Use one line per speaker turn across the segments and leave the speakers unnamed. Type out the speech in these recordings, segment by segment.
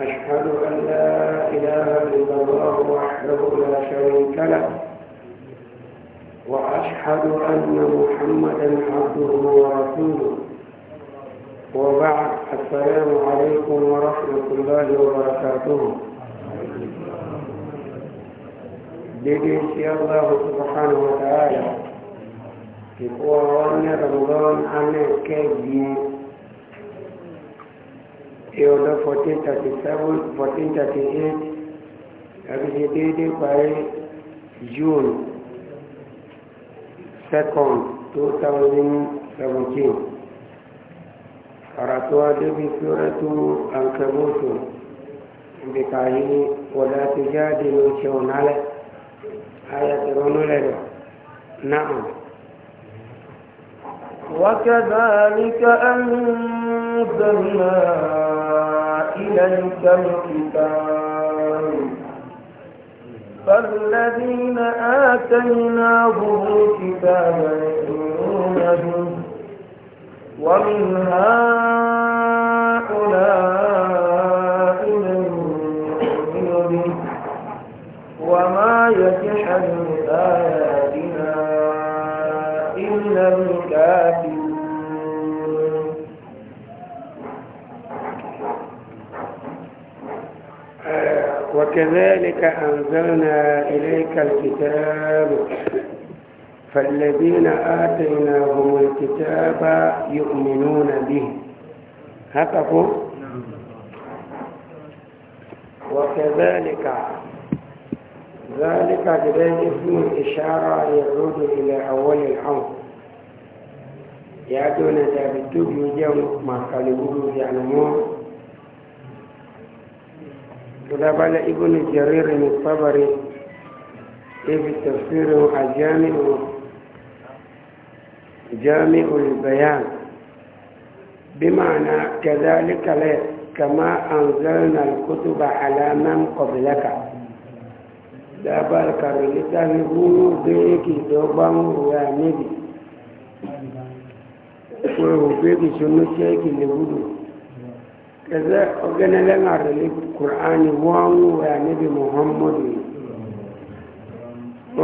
أشهد أن لا إله إلا الله وحده لا شريك له وأشهد أن محمدا عبده ورسوله وبعد السلام عليكم ورحمة الله وبركاته بإذن الله
سبحانه وتعالى يقول رمضان أنا كبير ìrọ̀lọ́ 1437 1438 àbíṣe déédé parí june 2nd 2017 àràtọ́ adébí fúrẹ́tù àǹkẹ́bùtù ìbìkàyí wọ̀dá ti jáde ní ìṣẹ̀wọ̀n nálẹ̀ ayàtẹ̀rọ̀nú lẹ́rọ̀ náà
وكذلك أنزلنا إليك الكتاب فالذين آتيناهم الكتاب يؤمنون به ومن هؤلاء من وما يجحد بآياتنا إلا الكافرون
وكذلك أنزلنا إليك الكتاب فالذين آتيناهم الكتاب يؤمنون به هكذا
وكذلك
ذلك جديد اسم الإشارة يعود إلى أول الحمد يعدون ثابت يجمع ما قالوا يعلمون يعني labala ibn jarir ni tabari ibi tafsirin a jami'u jami'ul bayan bima'ana kadhalika la kama anzalna al-kutuba ala man qablaka dabar karolita ni hunu beki doban ruwa nebi ko beki sunu sheki lebudu kaza oganalen arolita Kùránì wọ́n ń wẹ̀ níbi Muhammadu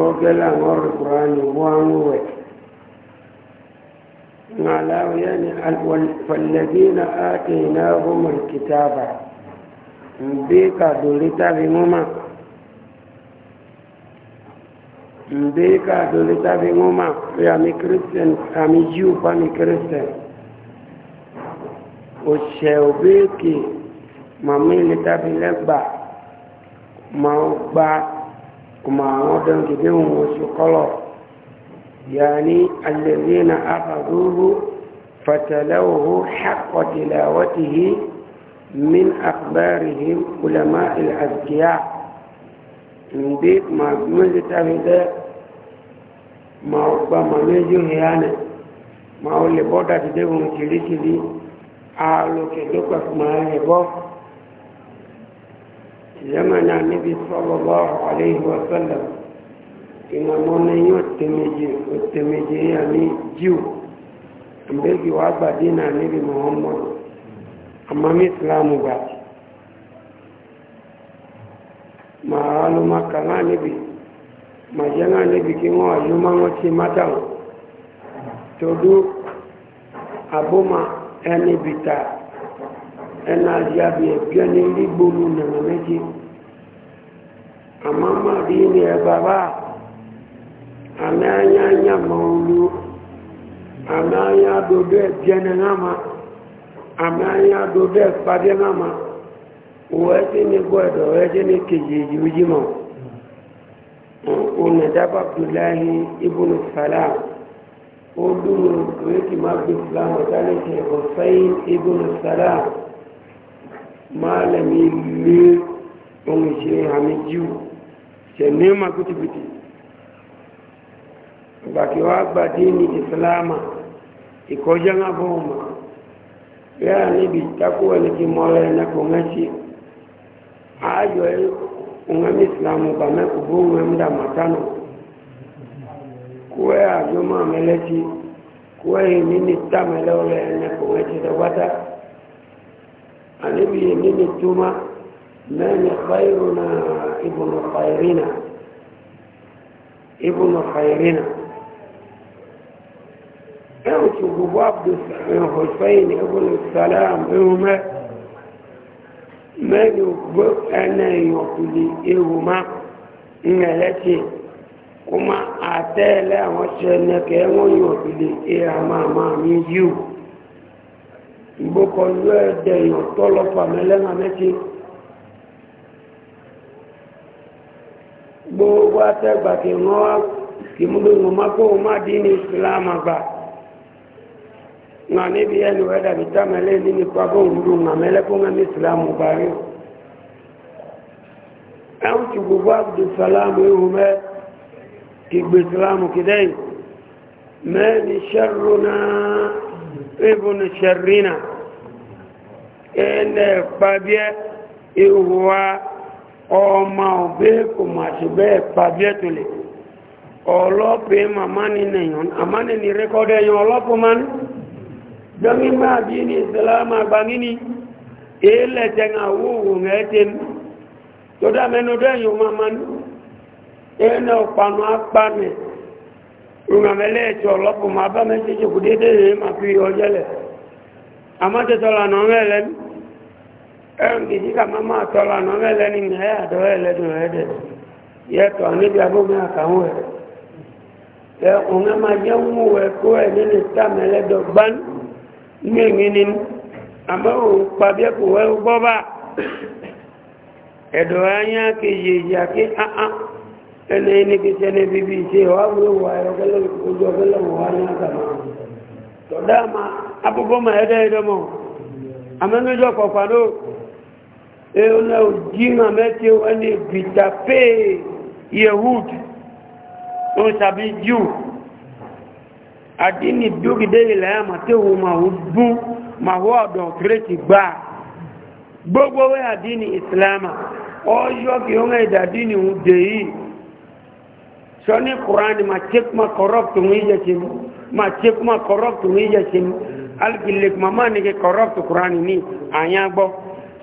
ọgẹ́lá ọ̀rọ̀ Kùránì wọ́n ń wẹ̀. Nàláwọ̀ yẹn ni fàlẹ́dínà ákìnà ọmọ ìkìtàbà ń bí kàdórí tàbí múmà. mbeka doleta vingoma ya mi kristian ami jiu pa mi kristian o se obeki màmí ìlítàbí lẹ́gbà ma ń gbá kuma àwọn ọdún gidi wọn sí kọ́lọ̀ yà ní alẹ́rí na àkàdúrú fàtàlẹ́wòó ṣàkọ̀tìláwọ́tìhí min akbarihi ulama ilazkiya ndi ma mili tabide ma gba ma meju hiyane ma ole boda tide wọn kirikiri a lo kuma hebo زمن النبي صلى الله عليه وسلم ìmọ̀mọ́ni yóò tẹ́mẹ́jì tẹ́mẹ́jì yà ní jíù ìgbẹ́gbẹ̀ wà gbàdé náà níbi mohamed àmàmí islamu gbà máa ló má kàlá níbi máa jẹ́ náà níbi kí wọ́n àyó má wọ́n ti mátà wọn tó dú àbúmọ̀ ẹna àjábí ẹ̀bí ẹni rígbónú nàmà méjì àmọ́ máa rí ní ẹ bàbá àmì anyanya mọ̀ olú àmì anya dodo ẹ̀bí ẹni nàmà àmì anya dodo ẹ̀pàdé nàmà òwò ẹtí ní gbọ́dọ̀ òwò ẹtí ní kejì ìjìbí jìmọ̀ òun ẹ̀dábà abdullahi ibùnú salam ó dúró ìwé kìí má gbé islam ọ̀dá lè ṣe ọ̀sẹ́yìn malami le ohun ìṣe àmì jíù ṣe ní ma kútùkùtù
ìgbàkí wá gbàdé ní
ìsìláàmà ìkọjá ń bọ̀ ọmọ bẹ́ẹ̀ níbi takò ẹni kí mọ́lá ẹni kò ń ṣe ayọ̀ ẹ ohun ẹni ìsìláàmù bà mẹ́kù bó àmẹ́lẹ́sí kó ẹ ní tàmẹ́lẹ́ ọlẹ́ ẹni kò ń anabi nini tuma nani khairuna ibnu khairina ibnu khairina ewu ti gbogbo abdul hussein ibnu salam ewu mẹ mẹni gbogbo ẹnẹ ìyọkùlì ewu ma ńlẹlẹsì kuma àtẹ́ẹ̀lẹ́ àwọn ṣẹlẹ̀ kẹ́ wọ́n yọkùlì ẹ̀ ama mi yíò. ìgbókọlú ẹ̀dẹ̀ ìyọ̀tọ́ lọ́pàá mẹ́lẹ́mà mẹ́tí gbogbo atẹ́gbà kí wọ́n wá kí mú gbogbo má kó má dí ní ìsìlámà gbà náà níbi ẹni wẹ́dà bí támẹ́lẹ́ ní nípa bóun lù mà mẹ́lẹ́kún mẹ́mí ìsìlámù gbà rí ẹ̀hún ti gbogbo abdulsalamu ihu mẹ́ kí gbé ìsìlámù kìdẹ́yìn mẹ́ni ṣẹ́rù náà ibùn sharrina ene pàbíẹ́ ìhùwà ọmọ òbẹ́ kò máa ṣe bẹ́ẹ̀ pàbíẹ́ tó lè ọlọ́pẹ́ ni rẹ́kọ́dẹ̀ yan ọlọ́pọ̀ máa ní dọ́mí máa bí ní ìsìlámà gbangíní èélẹ̀ tẹ́nà owó mẹ́tẹ́m tó dá mẹ́nu dẹ́yìn ọmọ máa ní ẹnẹ ọ̀pànà apánẹ̀ ŋamɛlɛ tsɔ ọlọpụ ma ba mɛ tsetse ko dede le ma fi ɔdzɛ lɛ amatɔtɔ la nɔ ŋɛ ka ma ma tɔ la nɔ ŋɛ lɛ ni ŋa ya adɔ yɛ lɛ do yɛ dɛ yɛ tɔ bi abo aka ŋu yɛ ɛ ma yɛ ŋu wɛ ko yɛ ne ne ẹni ní kí sẹ́ni bíbí ṣe wà wúlò wà ẹ̀rọ̀gẹ́lẹ̀ ojú ọgẹ́lẹ̀ wà ní àgbàmà
tọ́dá ma abúgbọ́
ma ẹ̀dẹ́ ìdọ́mọ̀ àmẹ́nújọ́ pọ̀pàdó ẹ̀rọ̀nà òjíhàn mẹ́tí ẹni bìtàpé yehud ó sàbí jù àdínì dúgidé ilẹ̀ àmàtẹ́wò màwú dún màwú ọ̀dọ̀ kírẹ́tì gbà gbogbo wẹ́ àdínì ìsìlámà ọjọ́ kí ó ń ẹ̀dà àdínì ń dè yìí sɔni kurani ma cek ma kɔrɔb tun yi jɛsim ma cek ma kɔrɔb tun yi jɛsim alikile kuma ma nege kɔrɔb tu kurani ni a y'a gbɔ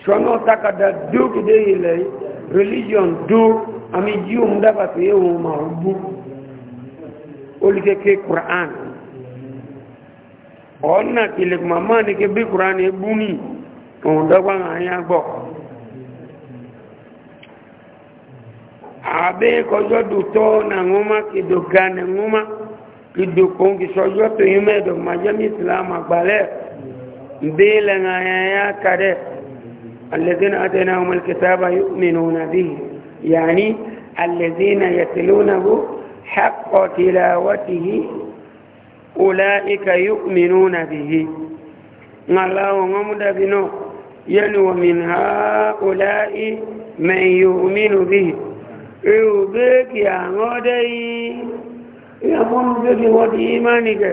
sɔni o ta ka da duuki de yi religion du ami jiw mu um daba tu um ye o ma o bu olu ke ke kuran ɔ na kile kuma ma nege bi kurani e buni o dɔgba a y'a gbɔ. abe kɔjɔ du tɔ na ŋoma kido ga na ŋoma kido kɔn kisɔjɔ to yi mɛ dɔn ma jɛmi silamɛ gbalɛ nbe lɛ ŋa ya ya ka dɛ alɛzina ate na ɔmɔ kitaaba yi minnu na bi yaani alɛzina yatilo na ko hakɔ tila wati yi ola ika yi minnu na bi yi ŋa la o ŋɔmu dabi nɔ yɛli wa min ha ola i mɛ yi o minnu bi yi ewu beki ango dai ya mun beki wadi imani ke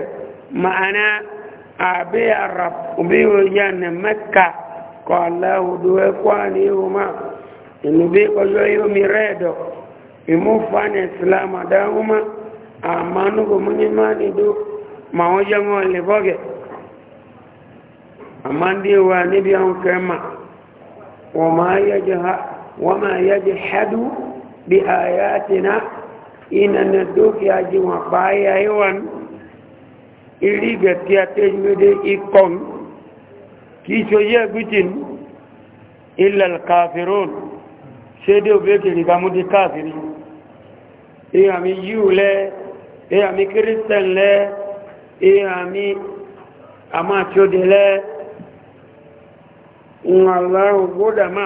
ma'ana abi arab ubi wajan makka ko allah duwe kwani uma inubi ko yo mi redo imu fane islam da uma amanu ko mun imani do ma wajan wale boge amandi wa nibi an kema وما يجهد وما يجحد بآياتنا إن ندوك يجي وبايا يوان إليغة يتجمد إقوم كيسو يبتن إلا الكافرون سيدو بيكي لكامود الكافرين إيامي يو لي إيامي كريستان لي إيامي أما تشود لي الله قدما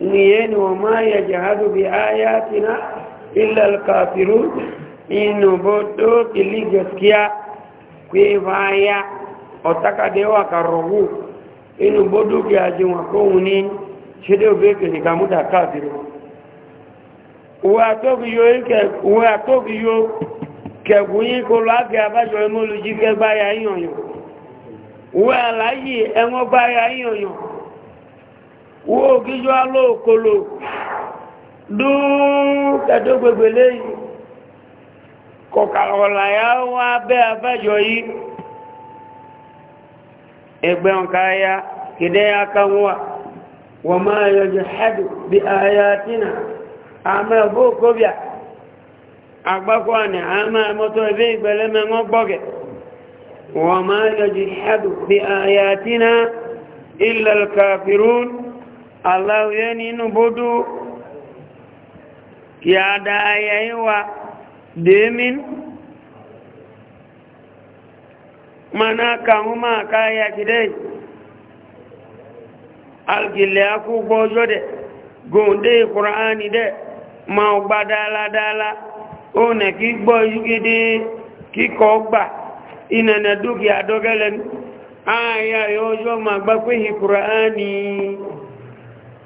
نيين وما يجهد بآياتنا إلا الكافرون إنه بدو كلي جسكيا كيفايا أتاكا ديوا كروغو إنه بدو كي أجمع شدو بيك لكامودا كافرون Òwe àtóbi yóò kẹ̀kù yí kó láti àbájọ ẹmọ́lùjí ẹmọ́ báyà wo ògíjọ́ ala òkolo dúú kẹjọ gbogbo léyìí kọ̀kà ọ̀làyà wọn abẹ́ egbe yìí ẹgbẹ́ kìdẹ́ aka wọn wọ́n máa yọjọ hajj bí aya tínà àmọ́ ẹ̀bọ́ òkóbíà agbákọ́ àná àmọ́ ẹ̀mọ́tọ́ ẹ̀bẹ́ ìgbẹ̀lẹ́mẹ́ wọn gbọ́gẹ̀ wọ́n máa yọjọ hajj bí tínà ilẹ̀ kàfírún aláwòyé nínú bódó yàdá ayẹyẹ wa dèémín mana kàmú máa káyà kìdẹ́ alkìlẹ̀ akú ọjọ́ dẹ̀ gòndé kùránì dẹ̀ ma ọ gba dáadáa ó nẹ̀ kí gbọ́ yúgidé kíkọ́ gbà ìnànà dúkìá yóò yọ́ ma gbá pé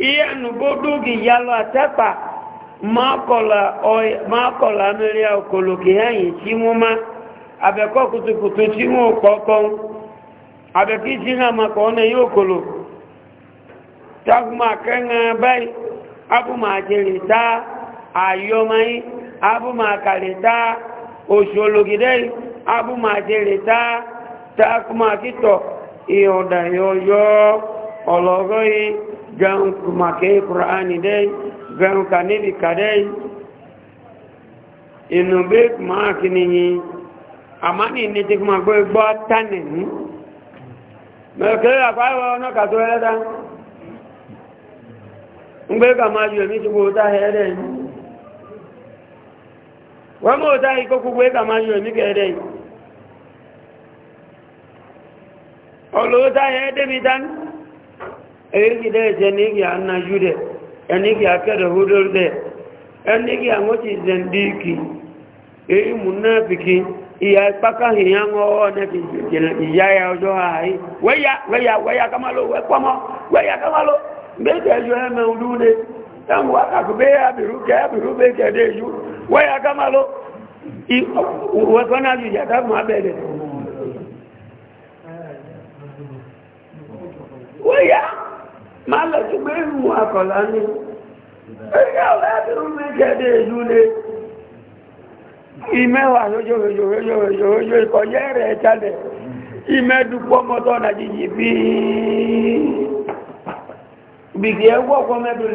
iya nubodu gi yalo atapa makola oy makola meria okoloki hayin ti mu ma abeko kutukutu ti mu kokon abeki ti na ma ko na yokolo tagma kenga bai abu ma jelita ayomai abu ma kalita osologide abu ma jelita takuma kito
iyoda yoyo
ọlọ́gọ́ yìí gan make qur'ani dai gan kanibi kadai inu be ma kini amani ni ti ma gbe gbo tani ni hmm? me ke apawo na ka to eleta ngbe ka ma yo emi ti go ta here ni hmm? wa mo ta ikoku gbe ka ma yo mi ke here ni olowo ta here eyi de je ni gi anna jude eni gi akede hudol de eni gi angoti zendiki eyi munafiki iya paka hiyan o ne ti iya ya ojo ai weya weya weya kamalo we pomo weya kamalo mbete jo eme udude tangu waka kubea biruke birube kede ju weya kamalo i wakona ju ya ta mabele weya ma lọ sí pé ìrùn akọ̀lá ní ẹgbẹ́ ọ̀rẹ́ àbírún ní kẹ́dẹ̀ ìlú lé ìmẹ́wàá lójójójójójójó rẹ̀ ìmẹ́dùpọ̀ mọ́tọ́ na jíjì bí bìgì ẹgbọ́ ọkọ̀ mẹ́dùn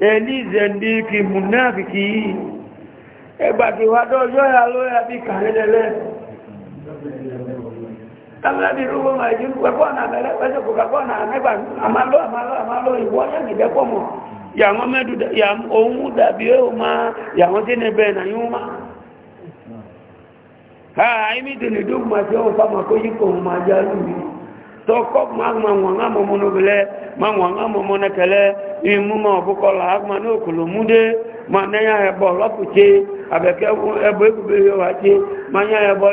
ẹni zẹ̀ndìkì mùnáfikì yìí ẹgbàtí wà dọ́jọ́ yà ló yà bí kàrẹ́lẹ́lẹ́
tàbí rúgbọ́
màájú pẹ̀pọ̀ nà mẹ́lẹ́ pẹ́sẹ̀ kò kàpọ̀ nà mẹ́gbà àmàlọ́ àmàlọ́ àmàlọ́ ìwọ́ yàgìdẹ́pọ̀ mọ̀ yàwọn mẹ́dù ohun dàbí ó máa yàwọn tí ní bẹ́ẹ̀ náà yóò máa ha àìmìdìlì dùgbà tí ó fà mọ̀ kó yí kò máa jálù yìí tọkọ magma nwanga mọmọnọ bẹlẹ ma nwanga mọmọnọ kẹlẹ imu ma ọbukọla agma ní okolomude ma nẹya ya lọpùtse abẹkẹ ẹbọ ebube yọ wá tse ma nya ẹbọ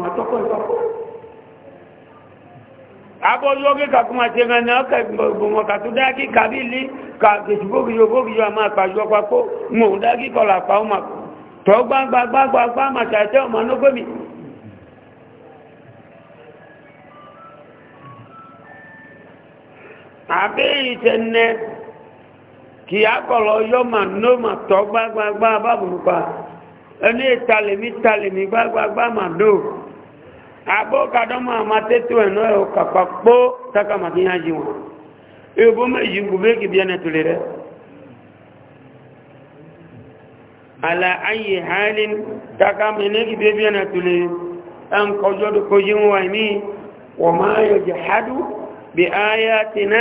ma tọkọ ka kesubogiyọ bogiyọ ama akpajọ kpakpo ŋun daki kọla ma tọgba gbagba gbagba ma n'ogbe mi. tẹ tẹ́nẹ́ kì á kọ̀lọ̀ yọ́mà nómà tọ́ gbágbágbá bábùrùpa ẹni ìtàlẹ̀mí tàlẹ̀mí gbágbágbá mà dò àbọ́ kàdọ́mà àmà tẹ́tù ẹ̀nà ẹ̀ kàpà kpó tákàmà kí yájí wọn ìbò méjì gùbé kì bí ẹnẹ tòlè rẹ àlà ayé hálín tákàmà ẹnẹ kì bi ayatina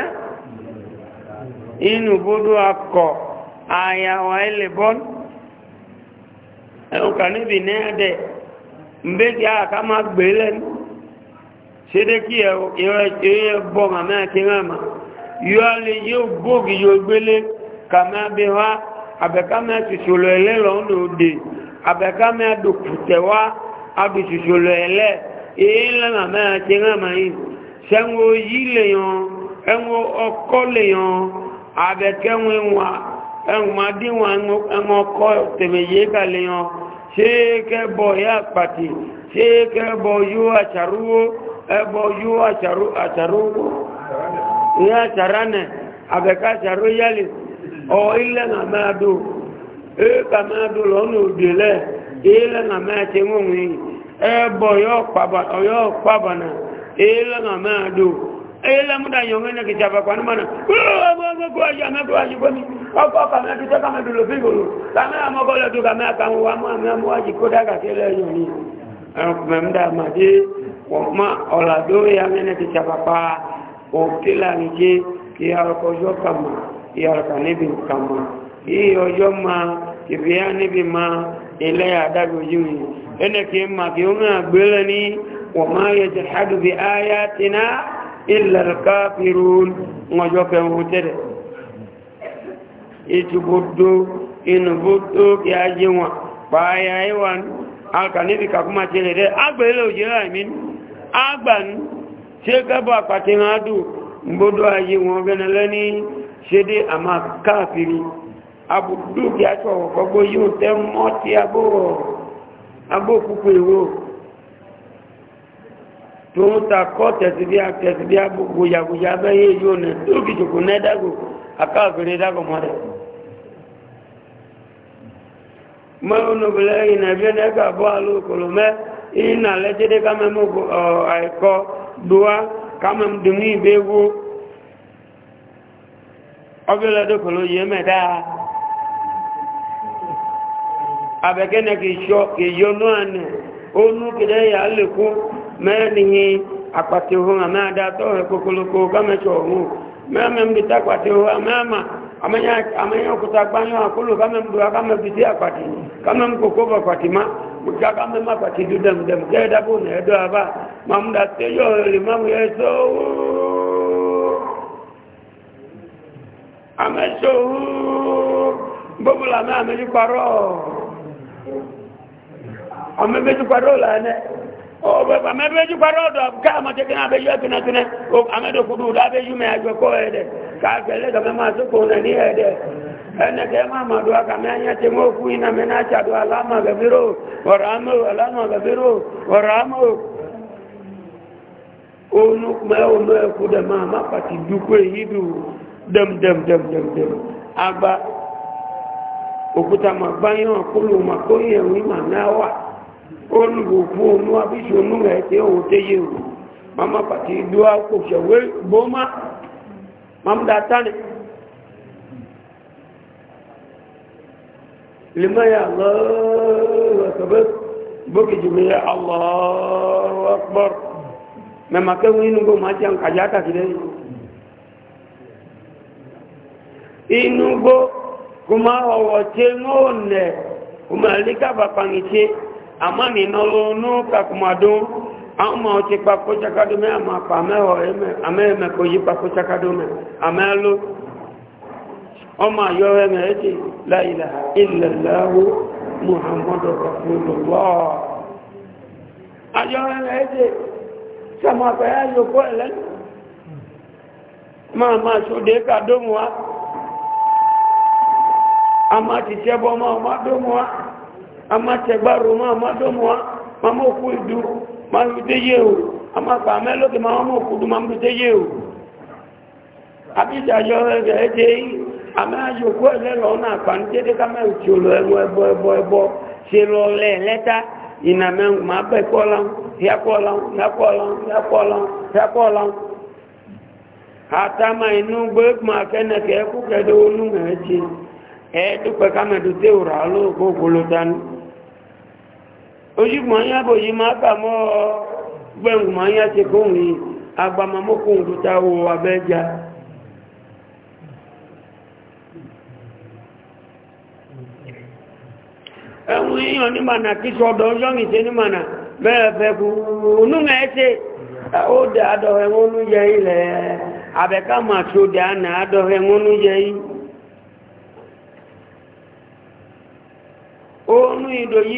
inu bodo akọ aya wa elebon ẹ̀hùn kà níbi ní ẹ̀dẹ̀ mbé kí a ká máa gbé lẹ́nu ṣe dé kí ẹ̀rẹ́ bọ́ màmá kí rán mà yóò lè yóò gbóògì yóò gbélé kà máa bí wá àbẹ̀ká máa ṣùṣòlò ẹ̀lẹ́ lọ́nà òde àbẹ̀ká máa dòkùtẹ̀ wá àbìṣùṣòlò ẹ̀lẹ́ èyí lẹ́màmá kí rán ma yìí sẹ́wọ̀n yí lèyàn ẹ̀wọ̀n ọkọ́ lèyàn abẹ́kẹ́wọ̀n ẹ̀wọ̀n adíwọ̀n ẹ̀wọ̀n ọkọ́ tẹ̀mẹ̀yẹ kà lèyàn ṣé kẹ́bọ̀ yá àpàtì ṣé kẹ́bọ̀ yóò àṣàrúwó ẹbọ̀ yóò àṣàrúwó yá àṣàránẹ̀ abẹ́ká àṣàrú yálè ọ ilẹ̀ nà máa Ela nga ma do ele muda yonga na kichapa kwa mana mama kwa jana kwa jikoni hapo kama kitaka madulo vingo kama amogola tu kama kama wa mama mwa jikoda ka kile yoni memda maji olado ya ngene kichapa pa okila nje ya ya kanibi kama hiyo joma kiviani bima ile ya dago juu ene kema kiunga وما يجحد بآياتنا إلا الكافرون نجوك وتر يتبدو إن بدو يا جوا بايا ايوان alkanibi kakuma tele re agbe ile ojira imin agban ti o gabo apati na adu mbodo aye won gene leni sede ama kafiri abudu ki aso ko gbo yi te mo ti abo abo tòun ta kọ́ tẹ̀síbí tẹ̀síbí gbogbogbòyàgbòyà bẹ́ yé yóò ní lókì na náà dágò akáàkiri dágò mọ́ rẹ̀. bọ́ alókòlò mẹ́ lẹ́jẹ́dẹ́ àìkọ́ mẹ́rìnlẹ́yìn akpati ohun àmẹ́ àdátọ́ rẹ̀ kòkòlòkò gámẹ́sọ̀ ohun mẹ́rin akpati tápàtì ohun mẹ́rin àmẹ́yìn òkúta gbáyán àkólò gámẹ́mdúra gámẹ́bìtì àpàtì gámẹ́mkòkó àpàtì má gámẹ́mà àpàtì dúdẹ̀mdẹ̀m kẹ́ẹ̀dábò nẹ̀ẹ́dọ́ àbá mamúdà tẹ́yọ̀ rẹ̀ mamúyẹ sọ́wọ́
àmẹ́sọ̀
Ọ kwa rodo ka amate kina abeju kina kina amedo kudu da abeju me ajwe ko ede ka gele ga mama so ko na mama anya na ala ama wa olùgbòfó onú abíṣò onú rẹ̀ tí ó tẹ́yẹ rò mama pàtí ìdúwà kò ṣẹ̀wé gbọ́má mamda tani limaya lọ́wọ́sọ̀bẹ́ bókèjì mi yẹ allọ́wọ́pọ̀r mẹ́mà kẹwìn inú gbọ́mà jẹ́ nkàjá tàkìlẹ̀ inú gbọ́ kò máa ọ̀wọ̀ tí ó nẹ̀ kò máa lé kábàpàmì tí amani nolo nuka kumadu ama oche papo chakadume ama pameo eme ameme koji papo chakadume amelu oma yowe ngeti la ilaha illa allah muhammadur rasulullah amátẹgbárò máa má dọ́mọ wá máa mọ́ kú ìdú máa fi dé yé o amápa mẹ́lọ́kì máa mọ́ kú ìdú máa fi dé o àbíṣàjọ ẹgbẹ̀ ẹdẹ yìí àmáyòkú ẹlẹ́lọ́ náà pàǹtẹ́dẹ́ ká máa ti olọ ẹbọ ẹbọ ẹbọ ẹbọ ṣe lọ lẹ bẹ̀ kọ́ yàkọ́ yàkọ́ yàkọ́ yàkọ́ àtàmà ojúmọ̀ yá bò yí máa bà mọ́ gbẹ̀mùmọ̀ yá ti kóhùn agbamamókùn lúta wo abẹ́já ẹ̀wọ̀n èèyàn ní mànà kí sọ́dọ̀ ọjọ́rin tí ní mànà kú ilẹ̀ dẹ̀ ànà ìdòyí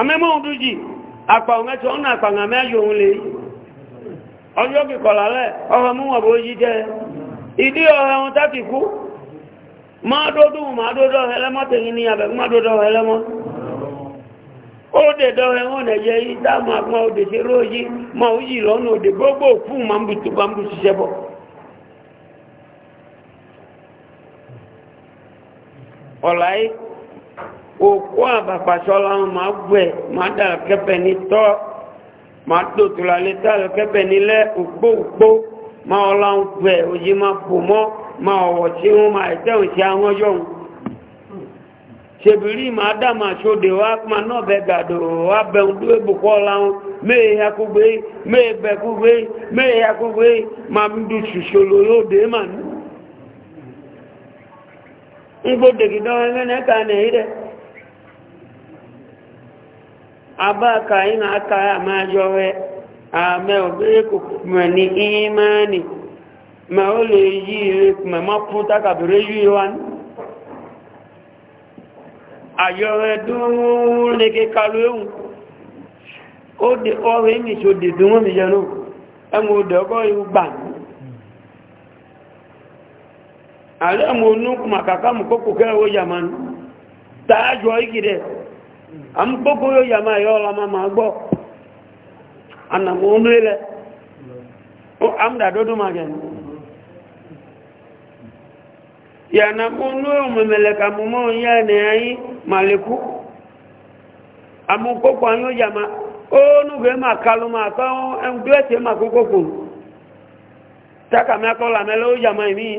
amẹ́mọ́ ọdún jì àpà òun ẹ̀tọ́ ọ̀nà àpà àwọn amẹ́yọ òun lè ọjọ́ kìkọ̀lá lẹ̀ ọ̀họ̀ mú wọ̀bọ̀ yí jẹ́ ìdí ọ̀họ̀ ẹ̀wọ̀n tákì kú máa dódó máa dódó ẹlẹ́mọ́ tèyí ní abẹ́ máa dódó ẹlẹ́mọ́ ó dè dọ́ ẹ̀wọ̀n ẹ̀yẹ òkú àbàpàṣọ́lá ma gbẹ̀ ma dàrà kẹfẹ́ ní tọ́ ma dòtòlà lè tààrà kẹfẹ́ nílẹ̀ ma ọlá ń gbẹ̀ òyí ma pò mọ́ ma ọ̀wọ̀ tí wọ́n ma ẹ̀tẹ́hùn sí àwọn ọjọ́ ṣèbìrí ma ma wá ma náà bẹ gàdò wá bẹun ọlá ya ma ń du ṣùṣòlò yóò dé ẹgbẹ́ nẹ́ka abaka ina aka ya majowe ame obere kukume ni imani ma o le yi ire kume ma fún takabere yi wa ni ayọrẹ dúnrún leke kalu ewu. ó de ọrọ emi tí ó de dúnrún mi jẹnu ẹmu e odò ọgọ yìí gbà alẹ́ mu onú kùmà kàkà mu kókò kẹrẹ ó yàmánu tààjọ igi dẹ̀ am gbogbo yo yama yo la ma ma gbo ana mo nule o am da dodo ma gen ya na mo nu o mo ya ne ai maliku amu gbogbo an yama o nu ge ma kalu ma ka en gbe ma kokoko taka me ko la me lo yama mi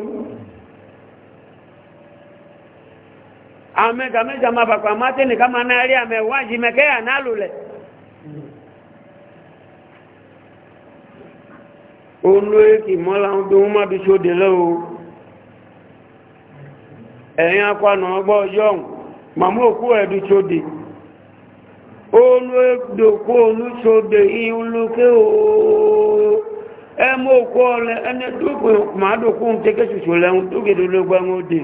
amẹ́ka mẹ́ta máa pàpà máté nìká máa náà rí àmẹ́ wájí mẹ́kẹ́yà náà lulẹ̀ olú èkì mọ́lá ń dún o. bí ṣóde lọ́wọ́ ẹ̀yìn akwánà ọgbọ́ yọ́n màmú òkú o ṣóde olú èdòkú olú ṣóde ìlúké ooo ẹmú òkú ọ̀lẹ́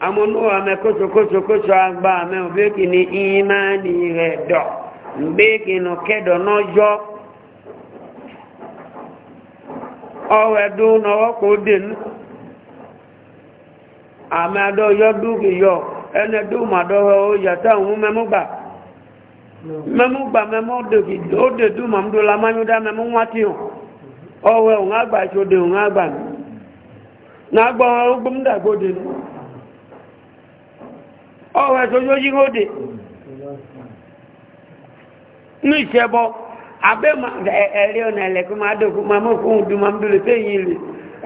amonu ame koso koso koso agba ame obe kini imani re do mbe kino kedo nojo owe du no ko din ame ado yo du ki yo ene du ma do o ya ta hu me gba me gba me mu do ki do la manyu da me mu wati o owe o ngagba so de o ngagba na gbo o gbum da go de ọwọ́ ẹ̀sọ́jọ́ yí ó dé ní ìṣẹ́bọ́ abẹ́ ẹ̀rí ọ̀nà ẹ̀lẹ́kú máa dọ̀kú máa mọ́ fún ọdún máa ń bèèrè tó yìí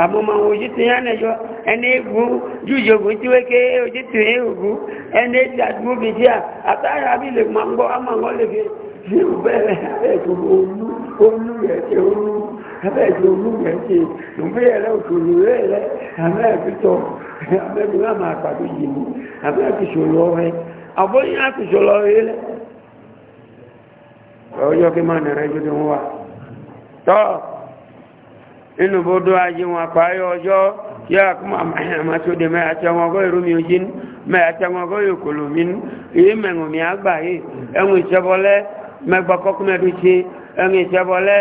àmọ́ máa ojú ti yán ẹ̀yọ ẹni egun jújògùn tí wéké ojú ti rí ògùn ẹni ètì àdúgbò díà àtàrà lè máa ń gbọ́ àmọ́ lè fi fi abẹ́ẹ̀dì olúwẹ̀ ṣe lùmíyẹ̀lẹ́ òṣòlù rẹ̀ẹ́lẹ́ abẹ́ẹ̀fitọ́ abẹ́ẹ̀dì náà máa pàdé yìí mú abẹ́ẹ̀fì ṣòlù ọ̀rẹ́ àbóyìn àti ṣòlù ọ̀rẹ́ lẹ́ ọjọ́ kí máa nẹ̀rẹ́ jù ní wà tọ́ inú bódó ajé wọn pàáyọ ọjọ́ kí a kúmọ̀ àmàṣọ́dé mẹ́ra tẹ́wọn ọgọ́ ìrúmi ojín mẹ́ra tẹ́wọn ọgọ́ ìkòlò mi èyí mẹ̀rùn mi àgbà yìí ẹ̀wọ̀n ìṣẹ́bọlẹ́ mẹ́gbàkọ́kúnmẹ́dúṣe ẹ̀wọ̀n ìṣẹ́bọlẹ́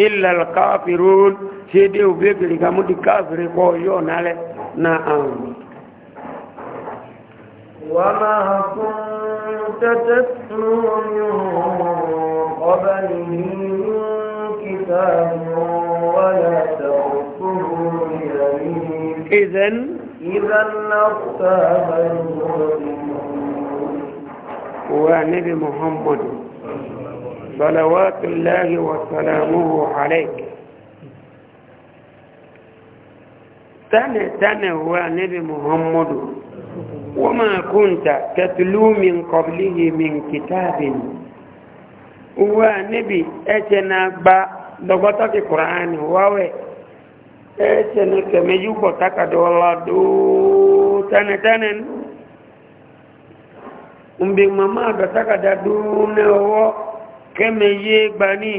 إلا الكافرون سيدي وبيبلي كامو دي كافر قويون على نعم
وما كنت تتلو من قبله من كتاب ولا تخطه بيمينك إذا إذا لاختاب المؤمنون
ونبي محمد صلوات الله وسلامه عليك تنه تنه هو نبي محمد وما كنت تتلو من قبله من كتاب هو نبي اتنا با لغتك القرآن هو اتنا كما يبطك دولا دو تنه تنه mbe mama agataka dadune wo kẹ́mi yé gbani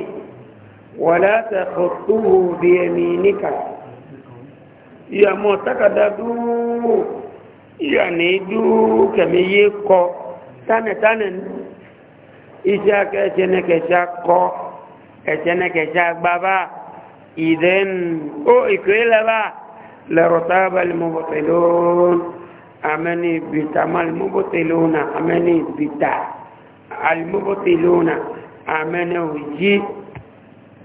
wàlá tẹ̀kọ̀ tó wò bí ẹ̀mí níkà ìyàmọ̀ takàdá dúró ìyàní dúró kẹ́mi yé kọ tánẹ̀tánẹ̀ iṣẹ́ akẹ́kẹ́kẹ́kẹ́ kọ ẹ̀kẹ́kẹ́kẹ́ agbábá ìdẹ́n ó ìkéré lẹ́bà lẹ́rọ̀tábà lẹ́mọ̀bọ̀tẹ̀lọ́n amẹ́ni bìtà má lẹ́mọ̀bọ̀tẹ̀lọ́n amẹ́ni bìtà alẹ́mọ̀bọ̀tẹ̀lọ́n amene oji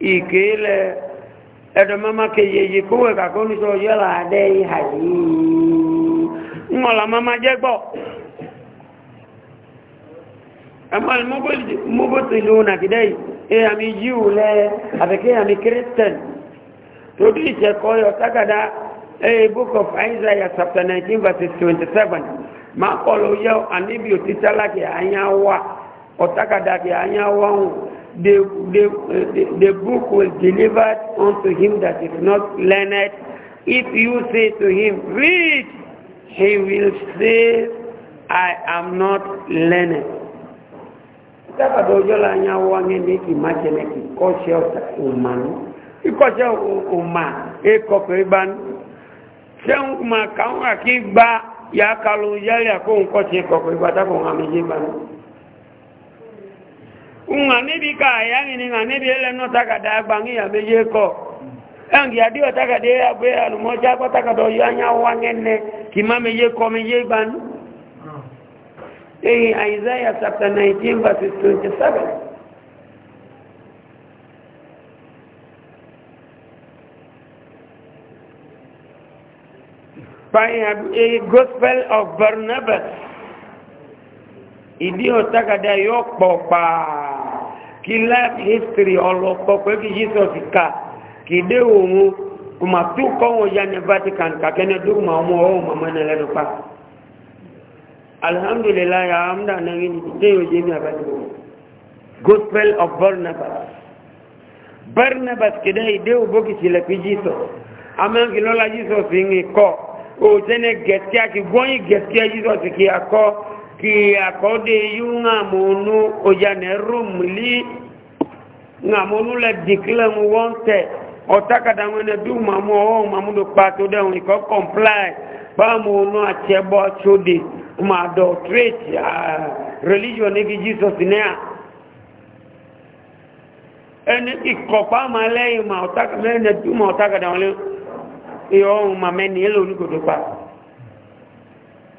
ikele edo mama ke yeji kuwe kakoni so yela ade haji ngola mama jegbo amal mobile mobotiluna kidai e ami jiule abeke ami christian to di je koyo takada e book of isaiah chapter 19 verse 27 ma kolo yo anibi otitala ke anyawa Otakada anya Anyawan, the, the, the book was delivered unto him that is not learned. If you say to him, read, he will say, I am not learned. Otakada Ojola Anyawan ní kì máa ṣẹlẹ̀ kì kọ́ṣẹ́ ọ̀mà ní. Kíkọ́ṣẹ́ ọ̀mà ẹ̀kọ́ pé bá ní. Ṣé ń máa káwọn àkígbà yà kálù yálẹ̀ àkóhùn kọ́ṣẹ́ ẹ̀kọ́ pé bá tábọ̀ wọn ní ŋa níbi ka àyà ni ŋa níbi ẹlẹ́nu takàdá agbangi yà méje kọ ẹnì àdí ọ̀takàdé abẹ́ àlùmọ́já pọ́takàdá ọ̀yọ́ anyá wá ngẹ́nẹ́ kì má méje kọ méje gbani. Eyi Isaiah chapter nineteen verse twenty seven. By a, gospel of Barnabas ìdí ọ̀tàkàdá yóò pọ̀ pàà kí life history ọlọ́pọ̀ pé kí jesus ka kì í dé òun kò mà tó kọ́wọ́ ya ní vatican kàkẹ́ni dókùnmá ọmọ ọwọ́ màmá náà lẹ́nu pa alhamdulilayi amúdà ní ìdílé òjé ní abájọ́ gospel of barnabas barnabas kìdá ìdé òbókìtì lẹ́pí jesus amẹ́kì lọ́la jesus ń kọ́ òtẹ́ni gẹ̀ẹ́tì àti gbọ́yìn gẹ̀ẹ́tì jesus kì í akọ́. ki akode yunga munu ojane rumli nga munu la diklam wonte otaka da mwana du mamu o mamu do pato da uniko comply ba munu achebo chudi ma doctrine a religion ni jesus nea ene ikopa malei ma otaka mene du ma otaka da mwana yo mameni elo ni ko do pato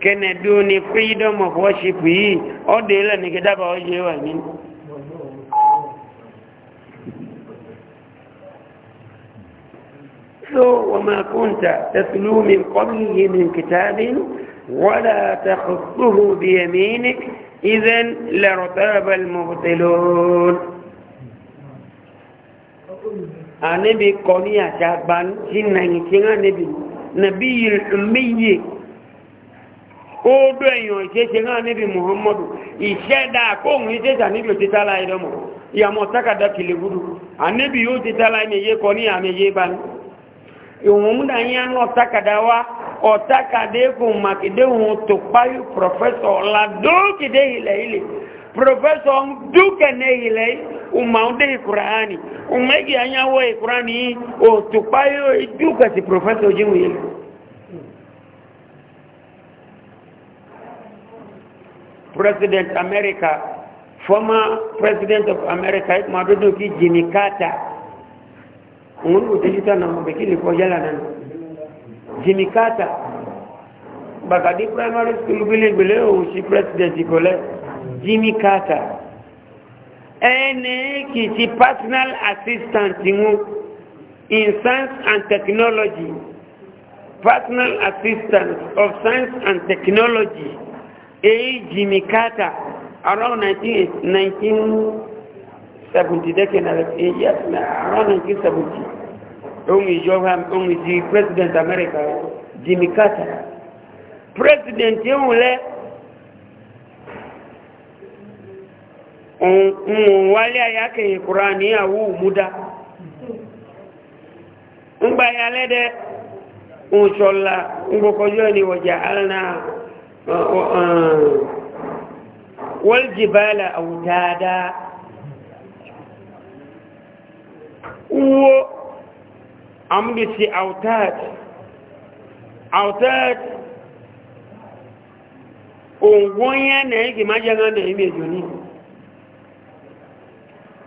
kene do ni freedom of worship yìí ọdẹ ilẹ̀ ní kìtàbà ọjọ́ wà ní so wàmà kúnta tẹ̀sùlù mi kọ́bí yìí mi kìtàbí wọ́dà tẹ̀kùsùhù bí ẹ̀mí ní ìzẹ́n lẹ́rọ̀tẹ́rẹ̀bẹ̀ mọ̀tẹ́lọ́rọ̀ àníbi kọ́ ní àṣà gbá ní nàìjíríà níbi nàbí yìí ó dó èèyàn ìṣeṣe náà níbi muhammadu ìṣẹ́dá kóhùn ìṣeṣà níbi òtítà láì lọ́mọ̀ ìyàmọ̀ sákàdá kìlẹ̀ gúdù àníbi yóò títà láì mẹ́yẹ kọ ní àmẹ́yẹ bá ní ìwọ̀n múdà yẹn ọ̀tàkàdá wá ọ̀tàkàdé kùn màkìdéhùn tó páyù pọ̀fẹ́sọ̀ ilẹ̀ ilẹ̀ pọ̀fẹ́sọ̀ ilẹ̀ ìkùránì President America, former President of America, Madudu ki Jimmy Carter. Mungu utajita na mbekili kwa jala nani. Jimmy Carter. Bakadi primary school bile bile ushi president ikole. Jimmy Carter. Ene kiti personal assistant mu in science and technology. Personal assistant of science and technology èyí jimmy carter around 19, 1970 dẹ́kẹ̀nà èyí around 1970 ohun ìjọba ohun ìdí president america jimmy carter president ehun lẹ́ ohun wálé ayákẹ̀yìn kúrò níyàwó múdá ń gbáyà lẹ́dẹ̀ ohun ṣọ́la ń gbọ́kọjọ́ ìníwọ̀jà alnáà waljibala autada uwo amgisi autad autad ògùn yẹn nà igi má jẹ́ gán lèyìn èjò ní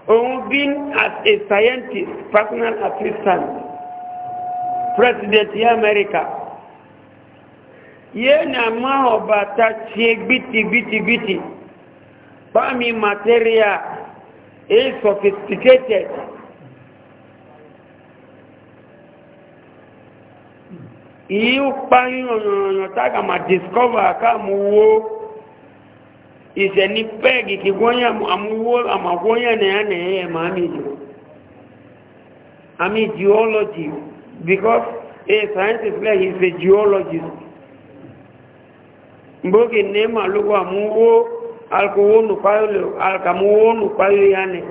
òun as a scientist personal assistant president yẹ america yana maho ba ta ce biti biti biti ba mi material is e sophisticated iyi pa yoyoyo taka ma discover ka mu wo ìṣẹ̀ni pẹ́ẹ̀gì kí gọ́nyà àmúwó àmàgọ́nyà nìyà nìyà ma mi jù àmì geology because a scientist like is a geologist mboge nema lugwa muwo alkuwonu payo alkamuwonu payo yani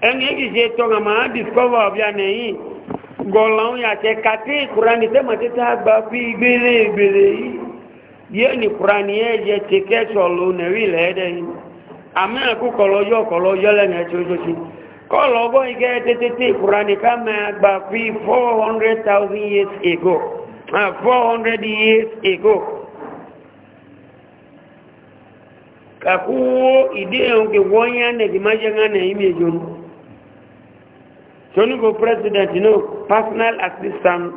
engi kije tonga ma discover of yani yi golan te kati te ma te ta gba bi gbere yi ye ni qurani ye je te ke so lo ne wi le de kọlọ ami aku ka years ago 400 ah, years ago kakuwo ide yonke wonya ne dimajanga ne imi jonu jonu go president no personal assistant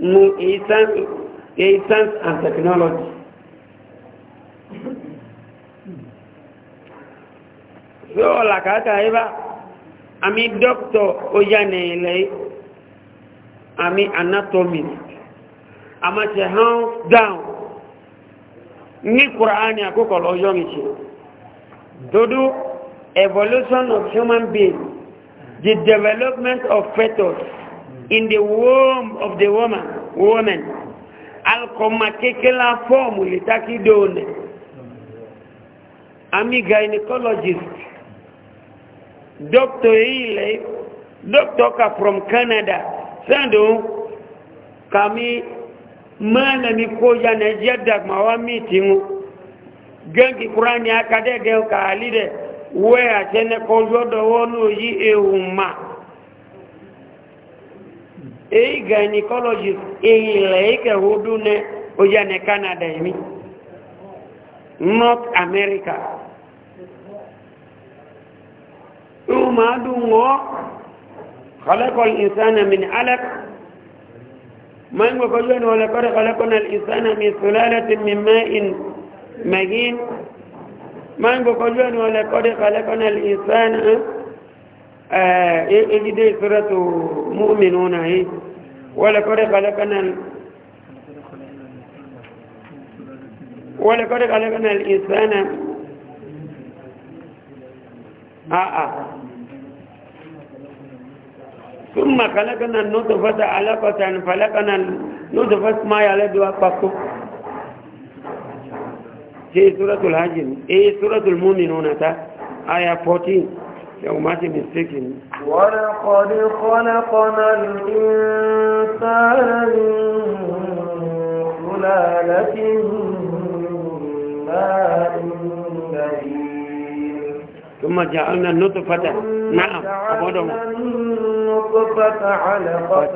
no assistance and technology so la kata eba ami doctor oyane oh, ile ami anatomist ama te han down ni qur'ani akoko lo yo nchi evolution of human being the development of fetus in the womb of the woman woman alkoma kekela form litaki done ami gynecologist doctor ile doctor ka from canada sando kami malami ko ya na yadda ma wa mitin gangi qur'ani aka de de ka ali de we a tene ko yo do wonu yi e umma e gynecologist e le ke hudune o ya canada mi north america umma du ngo خلق الإنسان من علق من وقلنا ولقد خلقنا الإنسان من سلالة من ماء مهين من وقلنا ولقد خلقنا الإنسان آه، إيه،, ايه دي سورة مؤمنون ايه ولقد خلقنا ولقد خلقنا الإنسان آه آه ثم خلقنا النطفة علقة فلقنا النطفة ما يلد وقفه في سورة الهجم اي سورة المؤمنون آية 14 يومات مستكين
ولقد خلقنا الإنسان سلالة من
ثم جعلنا النطفة
نعم أبو نطفة علقة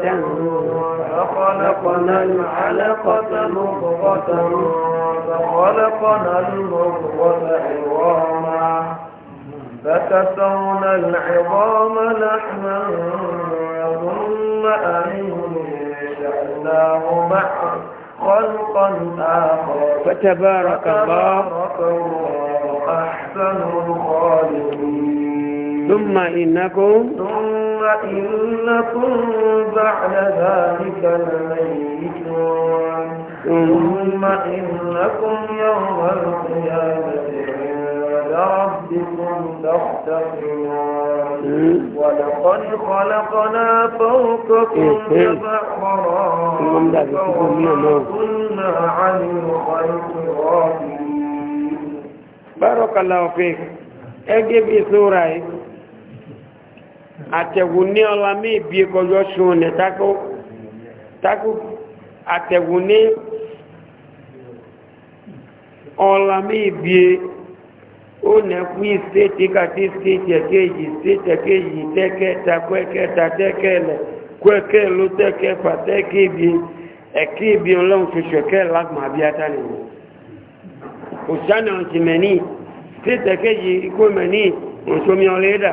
فخلقنا العلقة مضغة فخلقنا المضغة عظاما فكسرنا العظام لحما ثم أنشأناه معه خلقا آخر فتبارك الله أحسن الخالقين
ثم إنكم
ثم إنكم بعد ذلك لميتون ثم إنكم يوم القيامة عند ربكم تختصمون ولقد خلقنا فوقكم سبع مرات وما كنا عن الخلق غافلين
بارك الله فيك اجب سوره atẹ̀wùní ọlá mí ìbí kọjọ́ ṣun ọ̀nẹ̀ takú atẹ̀wùní ọlá mí ìbí ó nẹ̀kú ìstéètì kàtí ìstéètì ẹ̀kẹ́yì ìstéètì ẹ̀kẹ́yì tẹ́kẹ́ta kẹ́kẹ́ta tẹ́kẹ́lẹ̀ kẹ́kẹ́ ló tẹ́kẹ́ fà tẹ́kẹ́ ìbí ẹ̀kẹ́ ìbí ọlọ́run ṣoṣo kẹ́ lágbọ̀n àbíyátá nìyẹn òṣìṣẹ́ náà ti mẹ́ ní ìstéètì ẹ̀kẹ́yì ikú mẹ́ ní òṣòmí ọlẹ́dà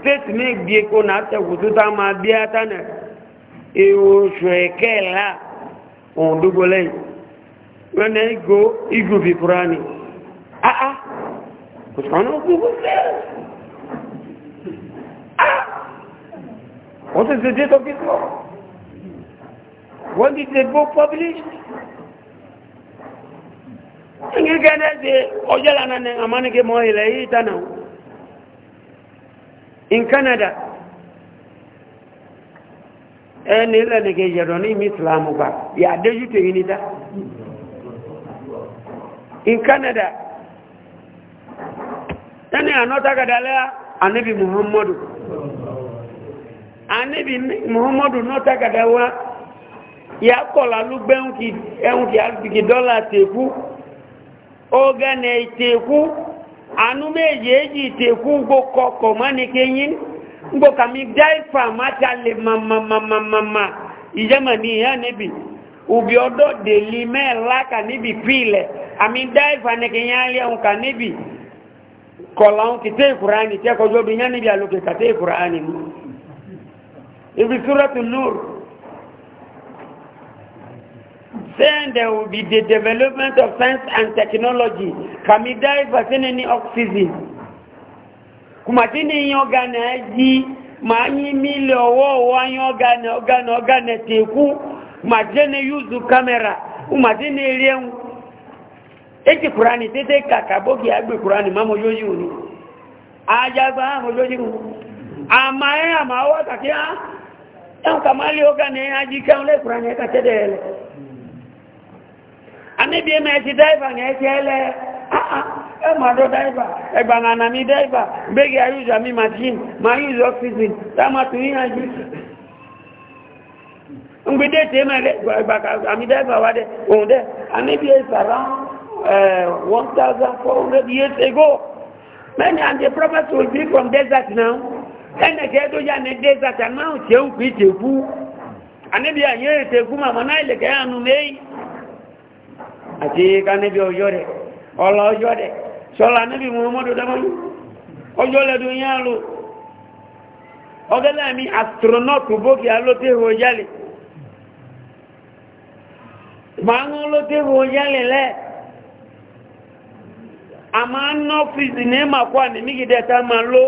state mi gbie ko na tẹ̀kùtù tá máa bí átánà èèwò e oṣù ẹ̀kẹ́ là òun dúgbò lẹ́yìn wọ́n e náà igbó igbó fi kúrá ni áá kò sọ́nà gbogbo sẹ́ẹ̀ áá wọ́n ti ṣe dé tó kí sọ ti ṣe bó publish
ní gẹ́gẹ́ náà ṣe ọjọ́
lánàá ni àmọ́ ní kí mọ́ ilẹ̀ yìí tánà wọ́n. in canada ẹni lẹ́nìkè yẹ̀rọ ní islam gbà yàdéjú tèyí ní dá
in canada
ẹni ànọ́tàkàdà lẹ́yà anibi muhammadu anibi muhammadu nọ́tàkàdà wá yà kọ̀lá lúgbẹ́ ẹ̀hùn kìí dọ́là tèkú ó gẹ́nà ìtèkú anu mejeji teku ngo koko mani kenyin ngo kami daifa mata le mama mama mama ijamani ya nebi ubi odo de lime laka nibi pile ami daifa ne kenyali unka nibi kola unki te qur'ani te ko jobi nyani bi aluke ka te qur'ani ibi suratul nur Then there will be the development of science and technology. Kamidai vaseneni oxygen. Kumatini yogana eji maanyi mili owo wanyi ogane ogane ogane teku. Majene yuzu kamera. Umatini iliemu. Eki kurani tete kakabogi agbe kurani mamo yoyu ni. Ajaba amo yoyu. Ama ea mawa kakia. Ah. Ea kamali ogane ajika ule kurani eka tedele. anibi ema eti daiva nga eti ele ema do daiva egba nga na mi daiva mbegi ma ayuzi oxygen tama tuia ji ngbede ti ema egba ami daiva wade onde anibi is around uh, eh, 1400 years ago many and the prophets will be from desert now ẹnna kẹ tó yà ní desert àti kánẹ́bí ọjọ́ rẹ̀ ọlọ ọjọ́ rẹ̀ sọ́lá níbi muhammadu dámọ́lú ọjọ́ lẹ́dùn yá lò ọgẹ́lẹ́ mi astronaut bókì alótéhò jálè máa ń lótéhò jálè lẹ́ a máa ń ná fìsì ní màkó ànínígidẹ́ta máa ló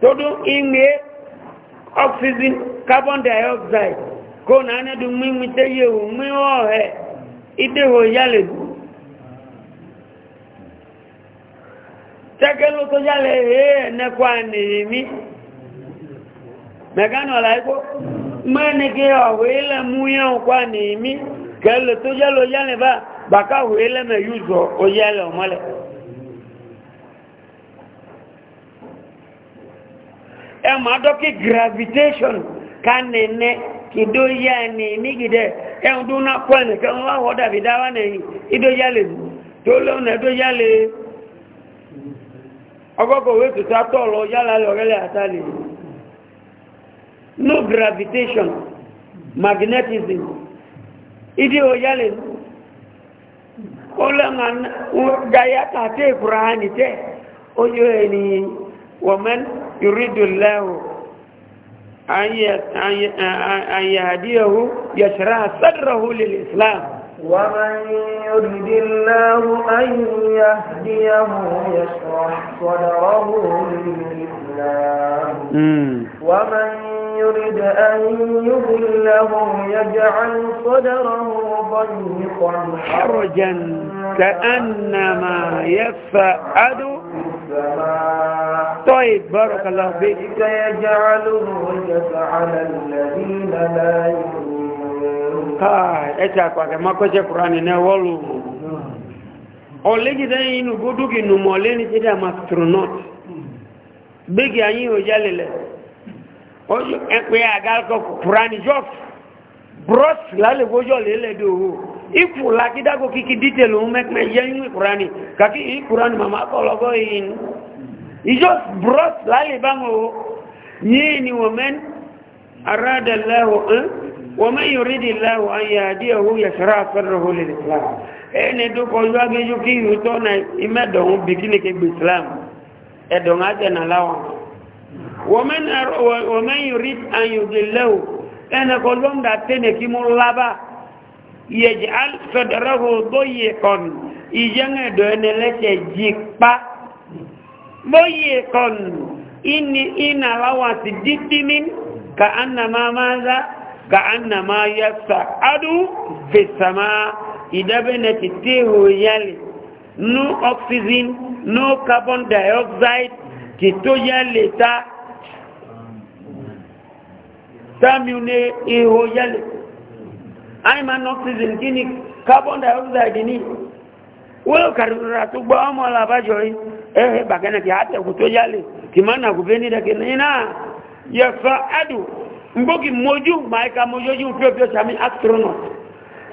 tó dún ìgbé oxygen carbon dioxide kó náà nẹ́dùn mímú tẹ́yẹ̀ òun ọ̀hẹ́ ìdíwò yálèbù tẹ́kẹ́lú tó yálè èé ẹ̀nẹ́kọ́ ànìyàmí mẹ́kánà láìkó mẹ́nìkẹ́ ọ̀wẹ́ ilẹ̀ mú yán ọkọ́ ànìyàmí kẹ́lù tó yálò yálè bá bàkáwẹ́ ilẹ̀ mẹ́yúzọ oyálẹ̀ ọmọlẹ̀ ẹ ma dọ́kí gravitation ká nìyàn kìdó yá ànìyàmí gidẹ́ ẹ̀hùn tó ná kọ́ ẹnìkan wá wọ́ dàbí dáwà nẹ̀yìn ìdójálè tó lóun ẹ̀dójálè ọgọ́gọ̀wé tòtá tọ́ọ̀lọ yálà lọ́rẹ́lẹ̀ àtàlè no gravitation magnetism ìdí òjálè ó lọ́nà gayata tẹ́ ìkùrà hàn ní tẹ́ ó yóò ẹni wọ̀mẹ́n ìrídùn أن يهديه يشرح صدره
للإسلام ومن يرد الله أن يهديه يشرح صدره للإسلام ومن يرد أن يضله يجعل صدره ضيقا حرجا
كأنما يفعل
السماء طيب بارك الله فيك يجعله يجعل الذين لا يؤمنون هاي
اتاكوا كما كوجه قران نه ولو olegi dan inu godu ki nu mole ni ti da astronaut o jalele o e pe agal ko qurani jof bros la le gojo do ifu laki dako kiki detail umekme yenyu Qurani kaki hii Qurani mama kologo in you just brought lali Ni yini women arada Allah eh? ومن يريد الله أن يهديه يشرع صدره للإسلام ẹni dúkọ yóò agbéjú kí ìrútọ́ na ìmẹ́dọ̀ún bìkínì kí islam ẹ̀dọ̀n ajẹ́nà láwọn wọ́n mẹ́yìn rí àyùnjẹ́ lẹ́wọ̀ ẹni kọlọ́mdà tẹ́nẹ̀ kí mú lábàá yẹjàl fẹ̀dọ̀rọ̀hù bóyè kan ìjẹ́ngẹ̀dọ̀ ẹni lẹ́sẹ̀ jí pa bóyè kan inni ina láwọn ti dídímí ka annama máa ń zá ka annama yẹ sàádù fèsàmá ìdábẹ́nẹ̀ ti téhù yálì no oxygen no carbon dioxide ti tó yálì ta sáàmì ní ihò yálì àìmán oxygen kí carbon dioxide ní wọ́n kàrùrà tó gbọ́ ọmọ alábájọ́ yìí ẹ̀hẹ́ bàkẹ́nà kì á tẹ̀kù tó yálè kì má nà gùnfẹ́ ní ìdẹ́kẹ́ náà yẹ̀fà adù mbókì mojú máìka mojójú pẹ́pẹ́ sami astronaut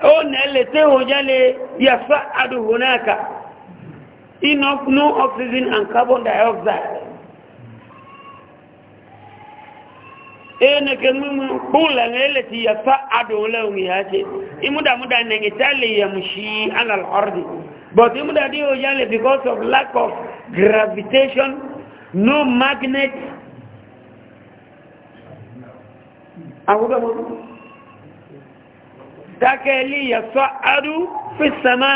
ó nẹ́lẹ̀ tẹ́ ò yálè yẹ̀fà adù hónáka enough no carbon dioxide ene ke mumu kula ngele ti ya fa ado le un ya je imuda muda nenge tale ya mushi ala al-ardi but imuda dio yale because of lack of gravitation no magnet awuga mo takeli ya fa ado fi sama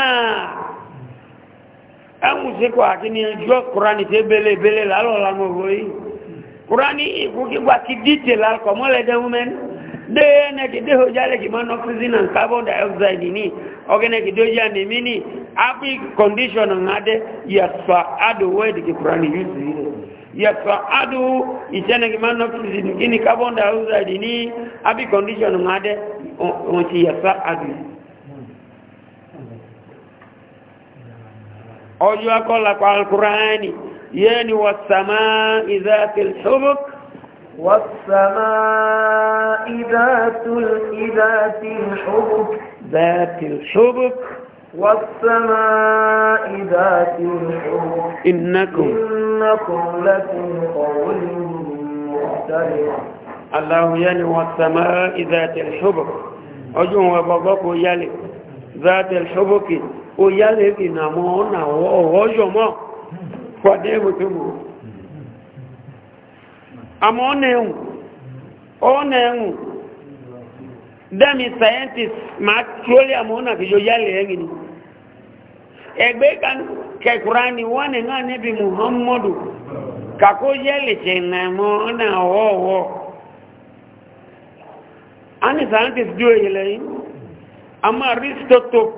amu se ko akini jo qur'ani te bele bele la lo la mo Kurani kukibwa kidetail alcohol deumen de na kideho jale kimono oxygen and carbon dioxide ni ogene kidoja ni mini api condition ngade yasfa adu word kikurani yuzi yasfa adu itene kimono oxygen kini carbon dioxide ni api condition ngade ya yasfa adu ojo akola kwa alqurani يعني والسماء ذات الحبك والسماء
ذات ذات الحبك
ذات الحبك
والسماء ذات الحبك
إنكم
إنكم لكم قول مختلف
الله يعني والسماء ذات الحبك أجوا وبابك يلي ذات الحبك ويلي إنما هو fọdé wòtòwò àmọ́ ọ nà-ẹ̀wù ọ nà-ẹ̀wù dẹ́mi scientist máa trolé àmọ́ ọ nà kìí yóò yálẹ̀ kan kẹkùrá ni wọ́n ní náà muhammadu kàkó yẹ́lẹ̀ tẹ̀ nàmọ́ ọ̀nà ọ̀wọ̀ a ani scientist dúró yìí lẹ́yìn a máa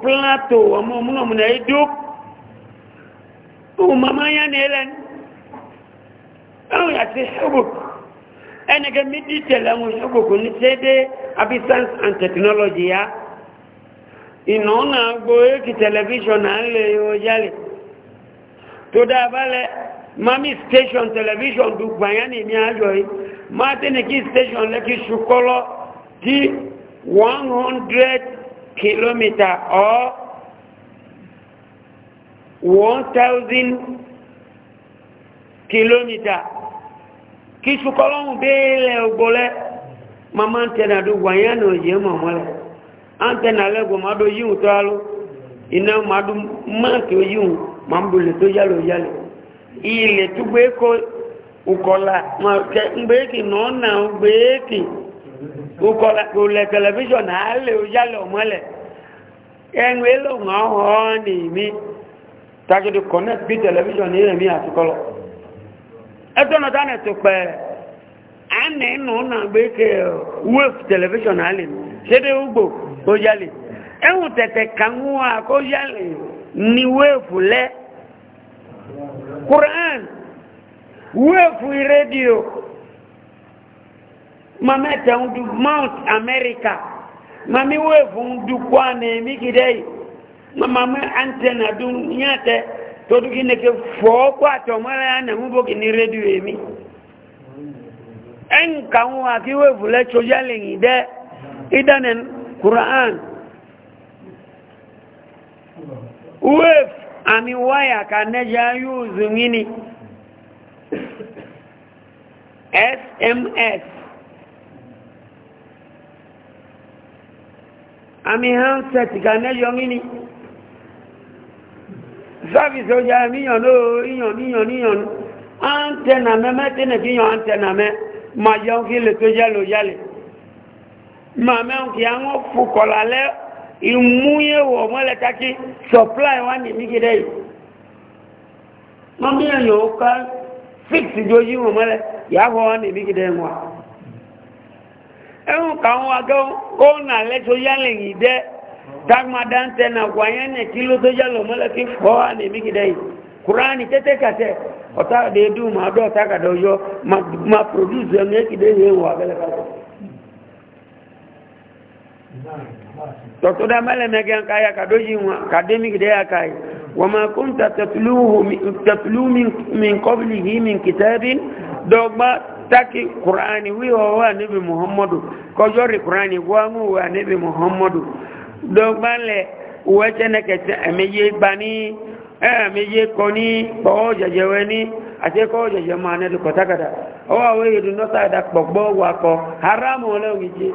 plato ọmọ ọmọ ọmọ náà umama ya nelen awon yati hubuk ẹnigẹ midi tẹlẹ wọn ṣogbogbo ní ṣédé àbí science and technology ya ìnà ọ̀nà agbo èkì tẹlẹfíṣọ̀n à ń lè yóò jálè tó dáa balẹ̀ mami station tẹlẹfíṣọ̀n tó gbàyàn ní ìmí àjọ yìí máa tẹ́lẹ̀ kí station lẹ́kí ṣùkọ́lọ́ tí 100 kìlómítà ọ́ 1000 km kí ṣùkọ́lọ́hùn béèlẹ̀ ògbólẹ́ ma máa ń tẹ́nà àdúgbò àyànà òyìn mọ̀mọ́lẹ̀ a ń tẹ́nà lẹ́gbọ̀n máa dó yíhùn tó álú iná máa dún máa tó ma ń bolè tó yálò yálò ilẹ̀ tó gbé kó ukọ̀la gbéèkì náà tajidi connect bí tẹlẹfíṣọ̀n yẹ́ mi àtúkọlọ ẹtọ́nà tánà tó pẹ́ àánì nù náà gbé kẹ wave tẹlẹfíṣọ̀n àlè ṣédé ugbò ó yálè ẹ̀hùn tẹ̀tẹ̀ kàńwá kó yálè ní wave lẹ́ quran wave rédíò mamẹ́tẹ̀ ń du mount america mami wave ń du kwani mi kìdẹ́yìí mama antena du nyate to du gine ke fo kwa to mara na mu boki ni radio emi en kan wa ki we vule cho yale ni de idanen qur'an we ami waya ka ne ja use ngini sms ami handset ka ne yo ngini sáfìsì ọjà míyàn ló yíyàn níyàn níyàn áńtẹ̀nà mẹ́ mẹ́tẹ̀nà kí yàn áńtẹ̀nà mẹ́ máa jẹun kí lè tó jẹ́ ló jálè máa mẹ́rin kí àwọn fòkọ̀lá lẹ́ ìmúyẹ̀wọ̀ mọ́lẹ̀tàkì supply wà ní nígidẹ́ yìí wọ́n bí èèyàn ó ká fix ìjọjú wọn mọ́lẹ̀ yàgò wà ní nígidẹ́ wọn ẹ̀hùn káwọn akẹ́kọ̀ọ́ nà lẹ́tọ́ yálè yi de. tagma dante na guayane kilo to jalo mala ki foa ne miki qurani tete kate ota de du ma do ta ka dojo ma ma produce ne ki dai he wa gele ka to to da mala me gan kaya ka doji wa ka de miki dai akai wa ma kunta tatluhu tatlu min min qablihi min kitabin dogba taki qurani wi wa nabi muhammadu ko jori qurani gwangu wa nabi muhammadu dɔgbalẹ̀ wɔ tsɛnɛ kɛtɛ ɛmɛye gbani ɛmɛye kɔni kpɔɔ dzɛdzɛwɛ ni ati kɔɔ dzɛdzɛ ma ne do kɔtakata ɔwɔ awo yi do nɔsa da kpɔgbɔ wa kɔ haramu lɛ o yidze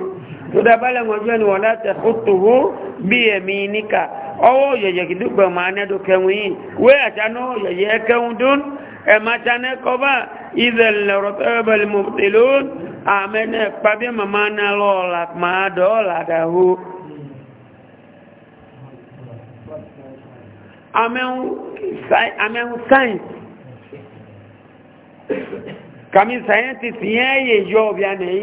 dodabalɛ ŋɔdzɔ ni wɔlɛ tɛ kutuhu bi ɛmi nika ɔwɔ dzɛdzɛ kidu gbɛ ma ne do kɛŋu yi wɛ ata no dzɛdzɛ kɛŋu don ɛmata ne kɔba izɛ lɛrɔ ɛbɛlɛ mɔtɛlɛ amɛ ne kpabi mama na lɔ da ho. amẹ́hun sáyẹ̀nsì kàmí sáyẹ̀nsì tí yẹn yẹ yọ ọ̀bíà nìyí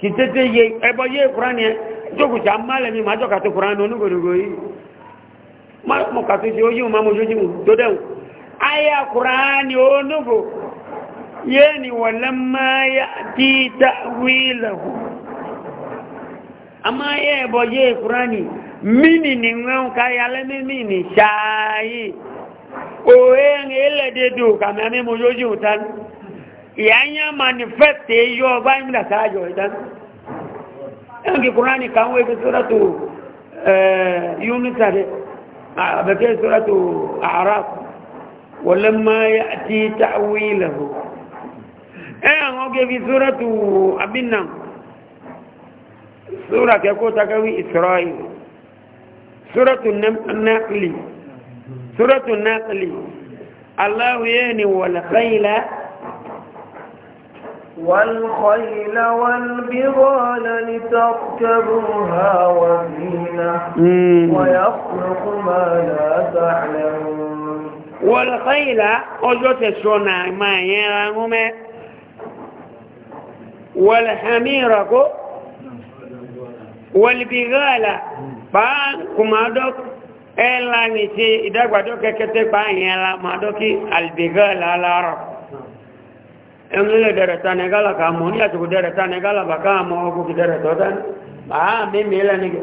kì tètè yẹ ẹbọ yẹ kúrán yẹn jókòtà málẹ̀ mi màájọ́ kàtó kúrán ní onígbòdògbò yìí mọ̀ kàtó ṣe ó yíwò máa mọ̀ ojójúmù tó dẹ̀wò ayé kúrán ní onígbò yẹ́ ni wọ̀ lẹ́mọ́yà tí dáwìlẹ̀ hù àmọ́ ayé ẹbọ yẹ kúrán yìí mini ni ŋmɛŋ ka yalɛ mi mini saayi oye ŋa ele de do kàmi mi mo yoji o tan yanya manifeste yɔ ba mi da saa yɔ tan ɛn ki kura ni kan wo ebi eh, sora to ɛɛ yunisa de a bɛ kɛ sora to arab wala ma ya ti ta'wila ho eh, ɛn ŋa kɛ fi sora to abinan sora kɛ ko ta kɛ wi israeli. سورة النقل سورة النقل الله يعني والخيل
والخيل والبغال لتركبوها وزينة ويخلق ما لا تعلمون
والخيل أجوت السنة ما يرانهم والحميرة والبغال baa kumadɔ ɛla ni se idagbadɔ kɛkɛtɛ baa yɛ la madɔ ki alibega la la rɔ ɛŋlɛ dɛrɛ ta ne gala k'a mɔ ni atugu dɛrɛ ta ne gala ba k'a mɔ ko mi mi la ni kɛ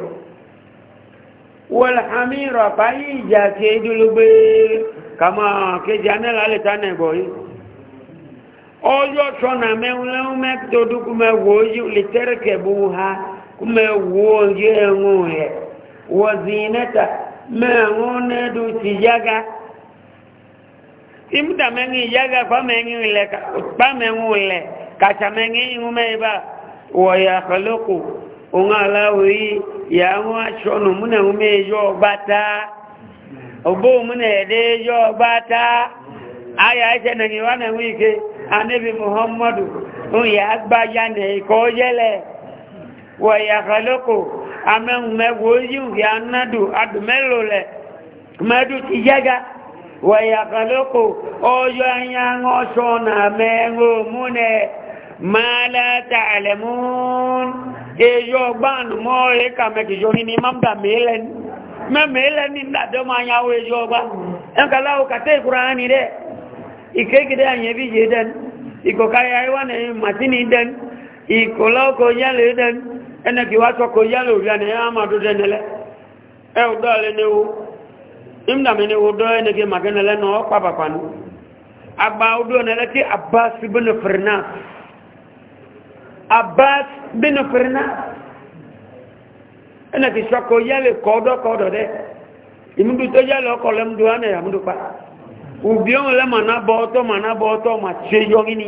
walhami rɔ baa yi ja se kama kejì anẹ́la lè ta nẹ̀ bọ̀ yìí ọjọ́ sọ́nà mẹ́wọ́n mẹ́tọ́dún kú yìí lè tẹ́rẹ̀kẹ̀ bó ha kú mẹ́wọ́ yìí ẹ̀wọ̀n yẹn. wazinata mẹ́rún du ti yága ìmúta mẹ́rin yága fámẹ́rin ilẹ̀ fámẹ́rin ilẹ̀ kàtàmẹ́rin irun mẹ́ibà wọ̀yà àkọlọ́kù òun aláwò yìí ìyàwó aṣọ́nù múnẹ̀rún méjọ́ ọgbá ọgbá tá ayà ẹ̀ṣẹ́ ike anábì muhammadu ń amẹ́hùnmẹ́wò yíwì anádù adùmẹ́lò lẹ̀ mẹ́dù ti yẹ́gá wẹ̀yàkàlókò ọjọ́ ayáhán ṣọ́nà mẹ́rọ múnẹ̀ máa látà àlẹ̀mún èyọ gbáànù mọ́ ẹ̀kà mẹ́kìjọ ní mọ́mdà mẹ́lẹ́ni mẹ́mẹ́lẹ́ni dàdọ́mọ́ ayáwó èyọ ní rẹ̀ ìkéèkìdé àyẹ̀bí yé dẹ́n ẹnẹ bí wá tọkọ yálò rí ẹni yá máa dúdẹ nílẹ ẹ ọdọ alẹ ní wo ìmdàmì ní wo dọ ẹni kí màkẹ nílẹ nà ọ pàpà pàánù agba ọdọ nílẹ kí abas bínú fìrìnà abas bínú fìrìnà ẹnẹ kí sọkọ yálò kọdọ kọdọ dẹ ìmúdú tó yálò ọkọ lẹmúdú ẹnẹ yàmúdú pa òbí ọmọ lẹ màná bọ ọtọ màná bọ ọtọ màtí yọ yín ni.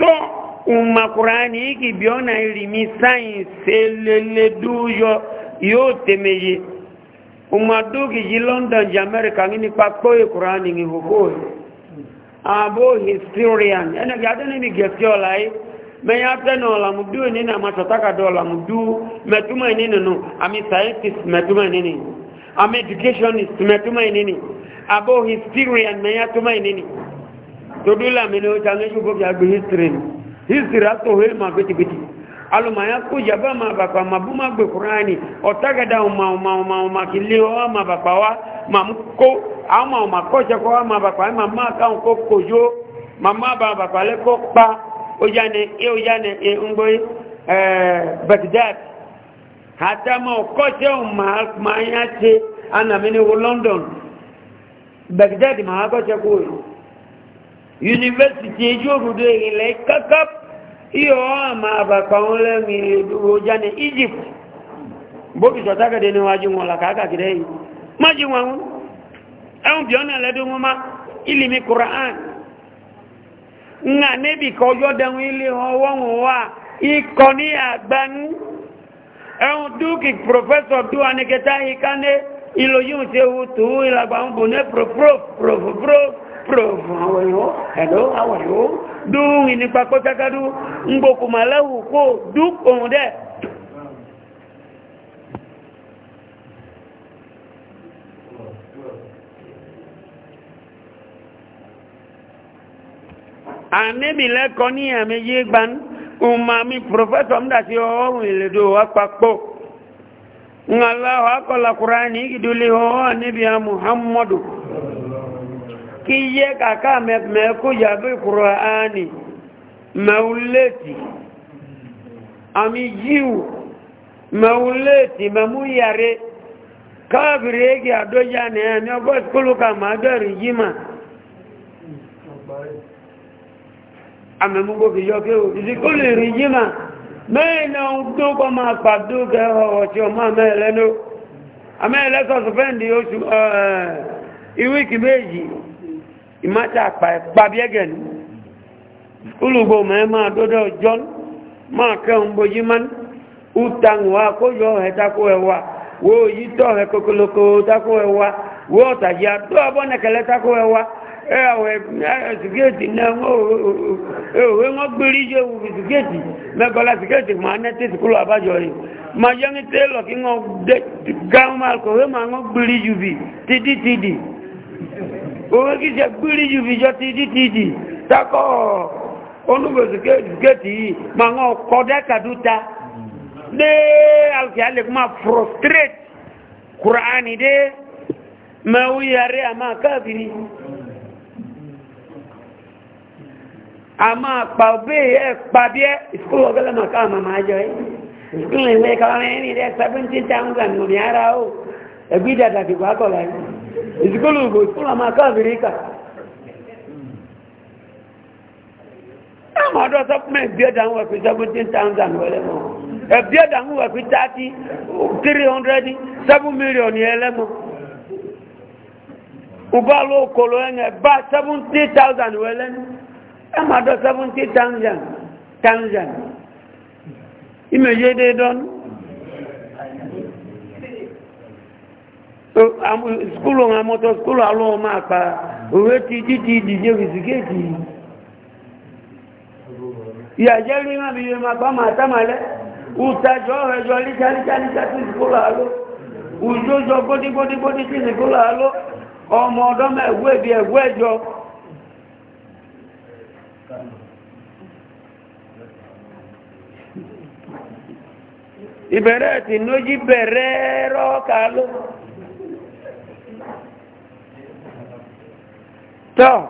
pé umma Qur'ani hiki biona ilimi science lele duyo yote meye umma duki ji London ji America ngini pa koe Qur'ani ngi hukoe abo historian ene gade ni migekio lai me ya tena ola mudu ni na matotaka dola mudu metuma nini no ami scientist metuma nini ami educationist metuma nini abo historian me ya tuma nini todo la mene o change ju ko ya gbe history history ato he ma biti biti alu ma ya ko ya ba ma ba pa mabu ma gbe qurani o taga da ma ma ma ma kile o ma ba wa ma ko ama ma ko je ko ma ba pa ma ma ka ko ko jo mama ba ba pa le ko pa o ya ne e o ya ne e ngo e, eh baghdad hata ma ko je o ma ma ya che ana wo london baghdad ma ko je ko yunifásitì ejú òbúdó ilẹ̀ kákáp iyo àmà àbàkà wọn lẹ́mí ìdúró jáde egypt bókì sọ̀tàkẹ́dẹ́ níwájú wọn làkàkàkìdẹ́ yìí má jí wọn wọn ẹ̀hùn bí ọ́nà lẹ́dún wọn má ilimi quran ńà níbi kọjọ́ dẹ̀hùn ilé ọwọ́ wọn wà ikọ̀ ní àgbánú ẹ̀hùn dúkì pòfẹ́sọ̀ dúwà ní kẹta ìkáné ìlòyún ṣe wù tù ìlàgbà ń bò ní prof prof prof prof probe àwọn yóò hello àwọn yóò dùn ìnípa pọ́tàkádú ń gbòkù màláwù kó dùk òun dẹ̀ àmìbìlẹ́kọ ní àmì yé gban umami professor mdàtí ọ̀hún ìlèdò àpapọ̀ ń aláwọ̀ akọ̀lá kùránì ìdúlé ọ̀hún níbi muhammadu kíyẹ kàkà mẹ́kú yàbí kùrọ̀ánì mẹ́ulẹ́tì àmì yíò mẹ́ulẹ́tì mẹ́múyàrí káàbìrì égì àdójá ní ẹni ọgbọ́ ìkúlùkà mọ́dọ̀rì yí mà àmẹ́múgbò kìí yọké o ìdíkúlù rí yí mà mẹ́rin náà ń tó kọ́ máa pàdó kẹ́họ̀ ọ̀tí ìmáta àpà ìpàbíẹ́gẹ̀ ní olùgbò mẹ́rin máa dọ́dọ̀ john máa kẹun bojí mán útàǹwà kójọ ọ̀hẹ́ tako ẹwà wo yí tọ́ọ̀hẹ́ kokoloko tako ẹwà wo ọ̀tàjì àdúràbọ̀nẹ̀kẹ̀lẹ̀ tako ẹwà ẹ̀wẹ̀ sìkéètì náà òwe wọ́n gbérí yé wù sìkéètì mẹ́kọ́lá sìkéètì máa ná tẹ́sí kúrò àbájọ yìí máa yẹ́ ní tẹ́lọ̀ kí wọ́n gá máa kọ̀wé máa wọ́n gbérí yù bì tìdítìdì òwe kí ṣe gbírí ju fi jọ títí títí takọ onúgbòsíkèétì yìí ma ń kọ dẹ́kàdú ta dé alùpùpù alẹ́ kó máa frustrate kùránì dé mẹ́wú yàrá àmà káàkiri àmà pàbí ẹ̀ pàbí ẹ̀ ìsìkúlù ọ̀gẹ́lẹ̀ màkà àmà máa jọ ẹ́ ìsìkúlù ìwé kàwọn ẹni rẹ̀ 17,000 nù ní ara ó ẹgbí dàdàdì wákọ̀lá yìí ìsìkólù ìgbò ìsìkólù àmà káàkiri ma ẹ̀mọ̀ ọdọ́ sọ́pùmẹ̀ ìbíọ́dà ń wà fi 17,000 wẹ́lẹ́mọ̀ ìbíọ́dà ń wà fi 30 300 7 million ẹlẹ́mọ̀ ugbalo okolo ẹ̀yẹ bá 70,000 wẹ́lẹ́mọ̀ ẹ̀mọ̀ ọdọ́ 70,000
skulu
ŋa mɔtɔ skulu alo ma kpa owe ti titi didi bisiketi yadzɛli ma bi ma kpa ma ta ma lɛ utadzɔ ɛdzɔ litsa litsa litsa ti skulu alo udzɔdzɔ gbɔdi gbɔdi gbɔdi ti skulu alo ɔmɔ dɔmɛ ɛwu ebi ɛwu ɛdzɔ. ìbẹ̀rẹ̀ tìǹdójì bẹ̀rẹ̀ rọ́ọ̀kà ló. tọ́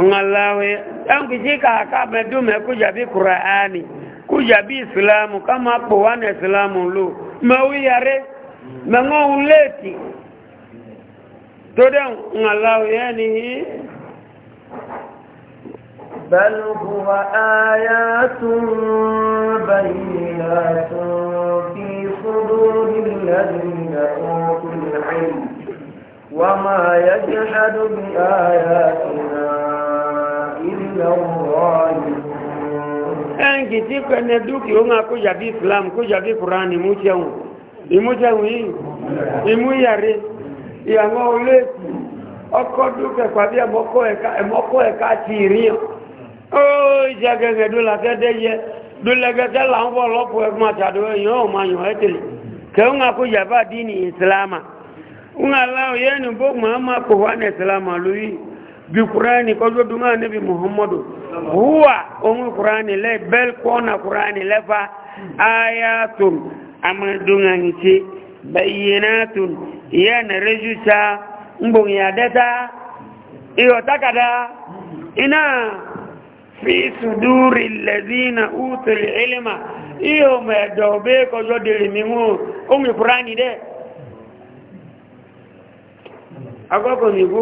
ọ̀nàláwẹ̀ ẹnkì sí kàkà mẹ́dúnmẹ́ kújàbí kùràánì kújàbí ìsìlámù ká máa pò wá ní ìsìlámù lò mẹ́wú yàrá mẹ́wọ́n léèkì tó dẹ̀ ọ̀nàláwẹ̀ ẹni yìí
بل هو آيات بينات وما يجحد بآياتنا إلا الظالمون
ẹnkì tí kẹ́nẹ dúkì ó máa kó jàbí islam kó jàbí kùránì mú jẹun ìmú jẹun yìí ìmú yàrí ìyàwó olóòtú ọkọ̀ dúkẹ̀ pàbí ẹmọ́kọ́ ẹ̀ká ti ìrìyàn ó jẹ́ gẹ̀gẹ̀ dúlàkẹ́dẹ́yẹ dúlẹ́gẹ́gẹ́ là ń wọ́ lọ́pọ̀ ẹgbùn àtàdó ẹ̀yàn ọ̀mọ̀ àyàn ẹ̀tẹ̀lẹ̀ kẹ́ ńlá òye ní bó muhammad kò wá ní ìsìlámà lórí bí kùránì kọjọ́ dúnmà níbi muhammadu huwa ohun kùránì lẹ́ bẹ́ẹ̀ kùránì lẹ́fà ayatun amadunanci bayyanatun iya na rejúta ngbònyàdẹ́ta iyọ̀takada iná fi sùdúrì lẹ́zínà útùlì ilima iyo mẹ́ẹ̀dọ̀ bẹ́ẹ̀ mímú ohun kùránì dẹ́ akọ́kọ̀ nìbó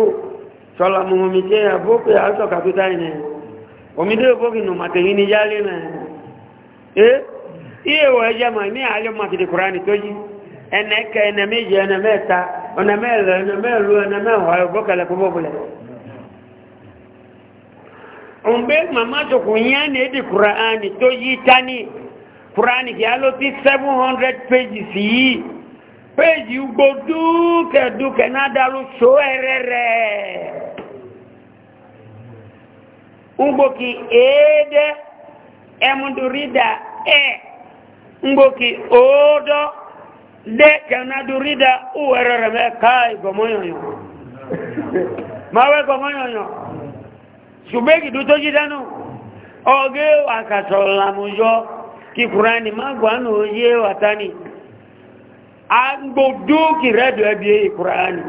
sọlá mọ̀mọ̀mí jẹ́ àbókè àásọ̀ kàpítà ìnẹ̀ òmìdé òbókè nù màtẹ̀yí ni yálé nà ẹ́ iye wọ̀ ẹjẹ́ mà ní àálẹ́ màtìdì kùránì tó yí ẹnẹ kẹ ẹnẹ méjì ẹnẹ mẹ́ta ọ̀nà mẹ́lẹ̀ ẹnẹ mẹ́lu ẹnẹ mẹ́wàá òbókẹ̀lẹ̀ pọ́pọ́pọ́lẹ̀ òǹbẹ́ màmá tòkù yẹn ní èdè kùránì tó yí tání kùránì kìí á ló ti seven hundred pages yìí péjì gbó dúkẹ̀dúkẹ̀ náà dárú ṣó ẹ̀rẹ́ rẹ̀ ngbòkì èédé ẹmúdúrídà ẹ̀ ngbòkì òódọ́ dẹ́kẹ̀ náà dúrídà òwẹ̀rẹ̀ rẹ̀ mẹ́ka ìgbọ̀mọ́yọ̀yọ̀ máa wẹ́ gbọ̀mọ́yọ̀yọ̀ ṣùgbẹ́gì tó tó jí dánú ọgẹ́ àkàtọ̀ làmúyọ́ kíkùrá ni má gbọ́nù yé wàtá ni agbodoki rẹ́dọ̀ ẹbí ìkùránì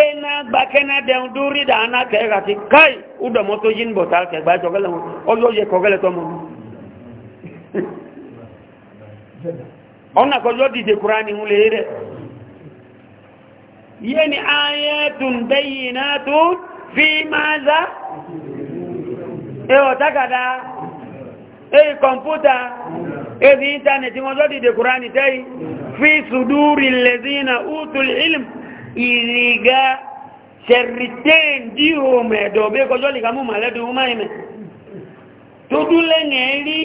ena gbakẹ́nà dẹun dórí dáná kẹ́ẹ̀kà ti káì údọ̀mọ́ tó yí ń bọ̀ tàà kẹgbà ìtọ̀gẹ́lẹ̀ wọn ọlọ́yẹ kọ̀gẹ́lẹ̀ tọ́mọ̀ ọ̀nà kọjọ́ dìde kùránì ń lè rẹ̀ yé ni ayẹ́tùn bẹ́yìn náà tó fi máa zá ẹwọ̀ tákàdá ẹ̀ kọ̀mpútà ezi intanẹ̀tì wọn lọ́dìdè kùránì tẹ́yì fi sùdúrì lẹ́zínà útùl ilm ìrìgá ṣẹ̀rìtẹ́n díò mẹ́ẹ̀dọ̀ bí kọjọ́ lìkà mú màlẹ́dùn máìmẹ̀ tó dúlẹ́nẹ̀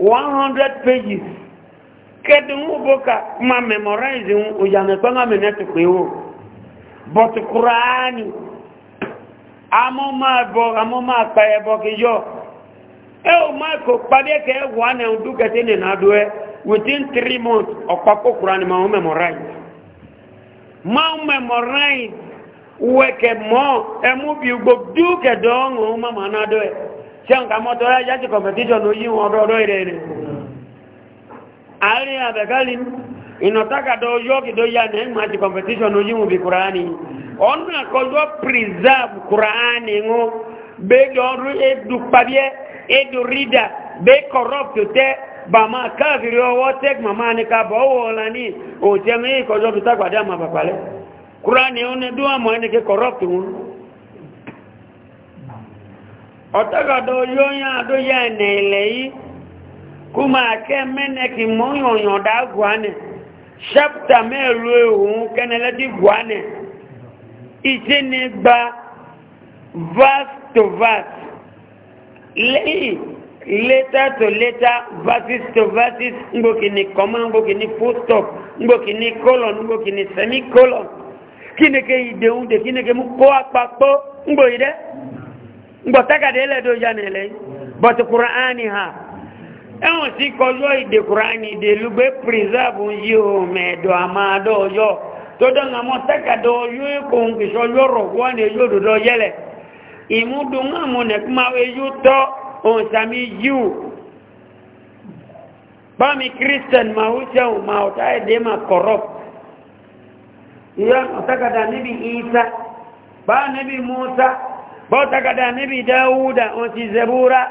100 pages kẹ́dùn bóka ma memorize ń òjàmẹ̀pẹ́ bọ̀tù kùránì amọ́ máa bọ̀ amọ́ máa pẹ̀ẹ̀bọ̀ kejọ́ ẹwọ maako kpadeɛ kɛ wa na ɔdu kɛse ne na adoɛ within three months ɔkpa kokura ne ma ɔn memorize ma ɔn memorize wɛkɛ mɔ ɛmu bi gbɔ du kɛ dɔɔn ɔn ma ma na adoɛ tiɛn ka mɔ dɔɔ yaa ti competition o yi wɔn dɔɔ dɔɔ yi dɛ ɛdɛ ale abɛ kali ìnɔta ka dɔ yɔki dɔ ya ne ma ti competition o yi wɔn bi kura ni ɔnà kɔjɔ preserve kura ni ŋo bɛ jɔ ɔdu edu kpadeɛ. edu rida be corrupt te bama kafiri owo tek mama ni ka bo wo la ni o je mi ko jo bi ta gbada ma ba pale qur'ani on ne duwa ni ke corrupt un otaga do yo ya do ya ne le yi kuma ke mene ki mo yo yo da guane chapter me lu ehun kenele di guane gba verse to lẹ́yìn later to later verses to verses ngbòkì ní comma full stop ngbòkì colon ngbòkì semicolon kíneke ìdéhùn dè kíneke mú kó àpapọ̀ ngbòyí dẹ́ ngbọ̀tákàdé lẹ́dọ̀ ìyànà but kùránì ha ẹ̀wọ̀n sí ìdè ìdè tó yóò wọ́n ni yóò ìmúdùnmọ́ àmúnẹ̀kúmáwé yóò tọ́ ohun sàmì yíò bá mi kírísítẹ̀n máa ó ṣẹ́hùn máa ọ̀tá ẹ̀dẹ́ máa kọ̀rọ̀ ìyá ọ̀tàkàdà níbi ìsá bá níbi mọ́sá bá ọ̀tàkàdà níbi dáúdà wọ́n ti zẹ̀búra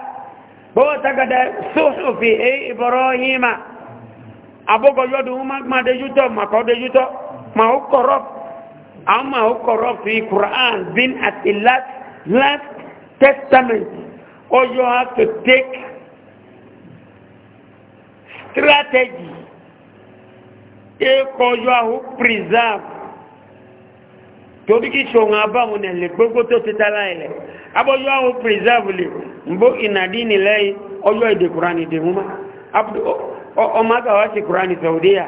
bá ọ̀tàkàdà sóṣòfì ìbọ̀rọ̀ yíma abókọ̀yọ́dún máa dejútọ̀ màkọ́ dejútọ̀ máa ó kọ̀rọ̀ àwọn máa ó kọ̀rọ̀ fi kùrán bin àti láti last testament or you have to take strategy ịkọ you are preserve torí kí ṣòwò abáwọn ẹ̀lẹ̀ gbogbo tó ti tara ẹ̀lẹ̀ abọ́ you are preserve lè mbó ìnàdí nílẹ̀ ọjọ́ èdè kùránì dè mú má ọmọ àgbà ti kùránì saudiya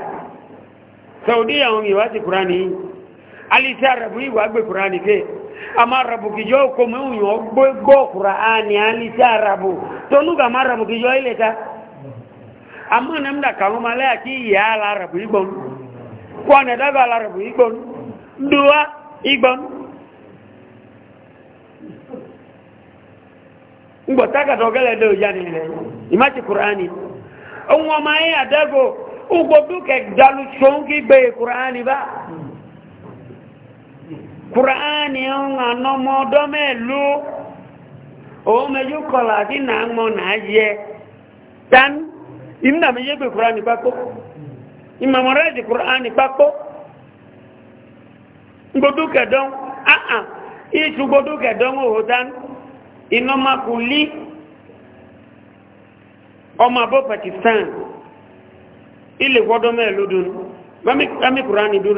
saudiya wọn yìí wá ti kùránì yìí alisa arabu yìí wá gbé kùránì kéè amarabu kijo ko me unyo gbogbo qur'ani ani ti arabu to nu ga marabu kijo ile ta amma nam da kawo mala ki ya la arabu igbon ko ne da ga la arabu igbon duwa igbon ngbo ta ga dogele do ya ni le imati qur'ani onwo mai adago ugbo duke dalu shongi be qur'ani ba kùránì ọ̀hún ànọ́mọ́ ọdọ́ mẹ́lú òun mẹ́jú kọlà sí náà mọ́ náà yẹ tán ìmú náà mẹ́yẹ́ kùránì pápó ìmọ̀mọ́ rẹ̀ di kùránì pápó gbódú kẹ̀dọ́n áhà ìṣù gbódú kẹ̀dọ́n òhò tán iná máa kù lí ọmọ abọ́ pakistan ilé mẹ́lú dùn kùránì dùn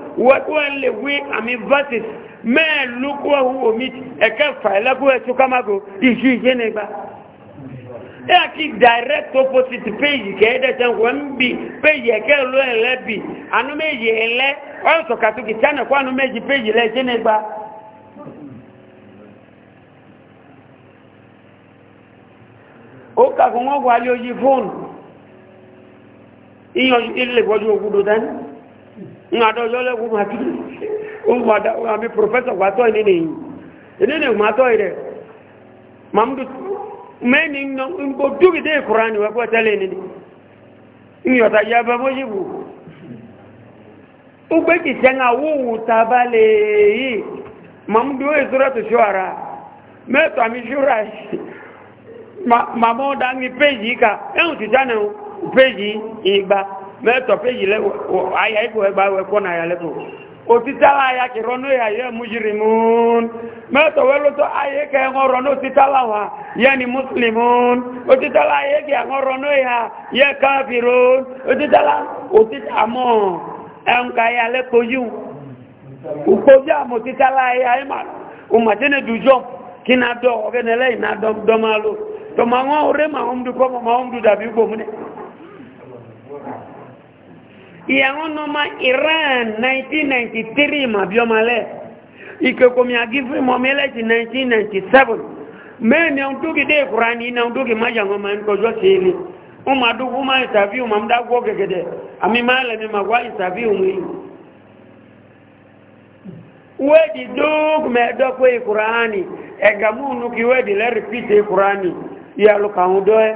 watuwa le wi ami verses mɛ lukuwa hu omi faila kama ko isu ise ne e a ti direct opposite page kɛ ɛdɛ sɛn ko bi page ɛkɛ lo bi anu mɛ yɛ ɛlɛ ɔyɔ sɔ page lɛ ise ne gba. o kakun wọn wà lórí fóònù ŋadɔ yɔlɛ wo ma kiri o ma da o ami professeur wa tɔ yi ne ne yi ne ne ma tɔ yi dɛ mamudu mɛ ni nɔ o dugi de kuran ni wa k'o tɛlɛ ne ne nyɔta yaba mosi bu o gbɛ kisɛ ŋa wo wu taba le yi mamudu o ye sɔrɔ to suara mɛ tɔ ami suara yi ma mamɔ da ŋi peji kan e ɛn o ti sa peji igba mẹ́tọ̀ péjì lẹ́ ayé ikú ẹgbà ẹkọ́ náà yà lẹ́tọ̀ òtítàlá ayá kì rọ́nú ayé mùsùlùmún mẹ́tọ̀ wẹ́ lótọ́ ayé kẹ́ ẹ̀họ́ rọ́nú òtítàlá wa yẹ́ ni mùsùlùmún òtítàlá ayé kẹ́ ẹ̀họ́ rọ́nú ya yẹ́ káfírún òtítàlá òtítàmọ́ ẹ̀ǹkà ayé alẹ́kọ̀ọ́yù òkòjú àmọ́ òtítàlá ayé ayé mà òmàtẹ́nẹ̀ dùjọ́ kí náà dọ̀ ọ̀gẹ́nẹ́lẹ́yìn náà dọ́ ìyàwó nọmọ iran 1993 màbíọ́malẹ̀ ìkẹ́kọ̀ọ́mí agífẹ́ mọ́mẹ́lẹ́sì 1997 mẹ́rin ọdún dúkì dé ìkùrá ní iná ọdún dúkì májà wọn máa ń tọjọ́ sí ilé wọ́n máa dúkú máa ìtàfíù máa ń dágbọ́ gẹ̀gẹ̀dẹ̀ àmì máa lẹ́mí máa wá ìtàfíù mi wéèdì dúkù mẹ́ẹ̀dọ́kọ̀ ìkùrá ní ẹ̀gàmúnukì wéèdì lẹ́rìí pìtì ìkùrá ní ìyàlùkà ẹ̀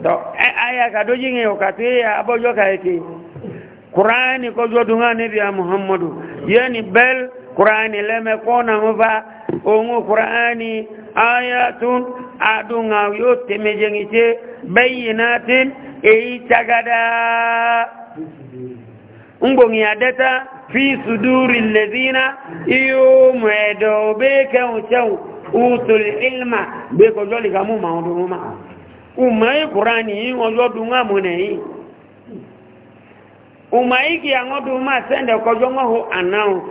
to aya ka do jinge o ka te ya abojo ka eke qur'ani ko jo dunga ne biya muhammadu yani bel qur'ani leme ko na ngova o ngu qur'ani ayatun adunga yo temejenge te bayinatin e tagada ngbongi adeta fi suduri alladhina yum edo beke utul ilma beko joli kamu maundu ma umai kurani ojo dunga mune yi umai ki ango duma sende ko jongo ho anao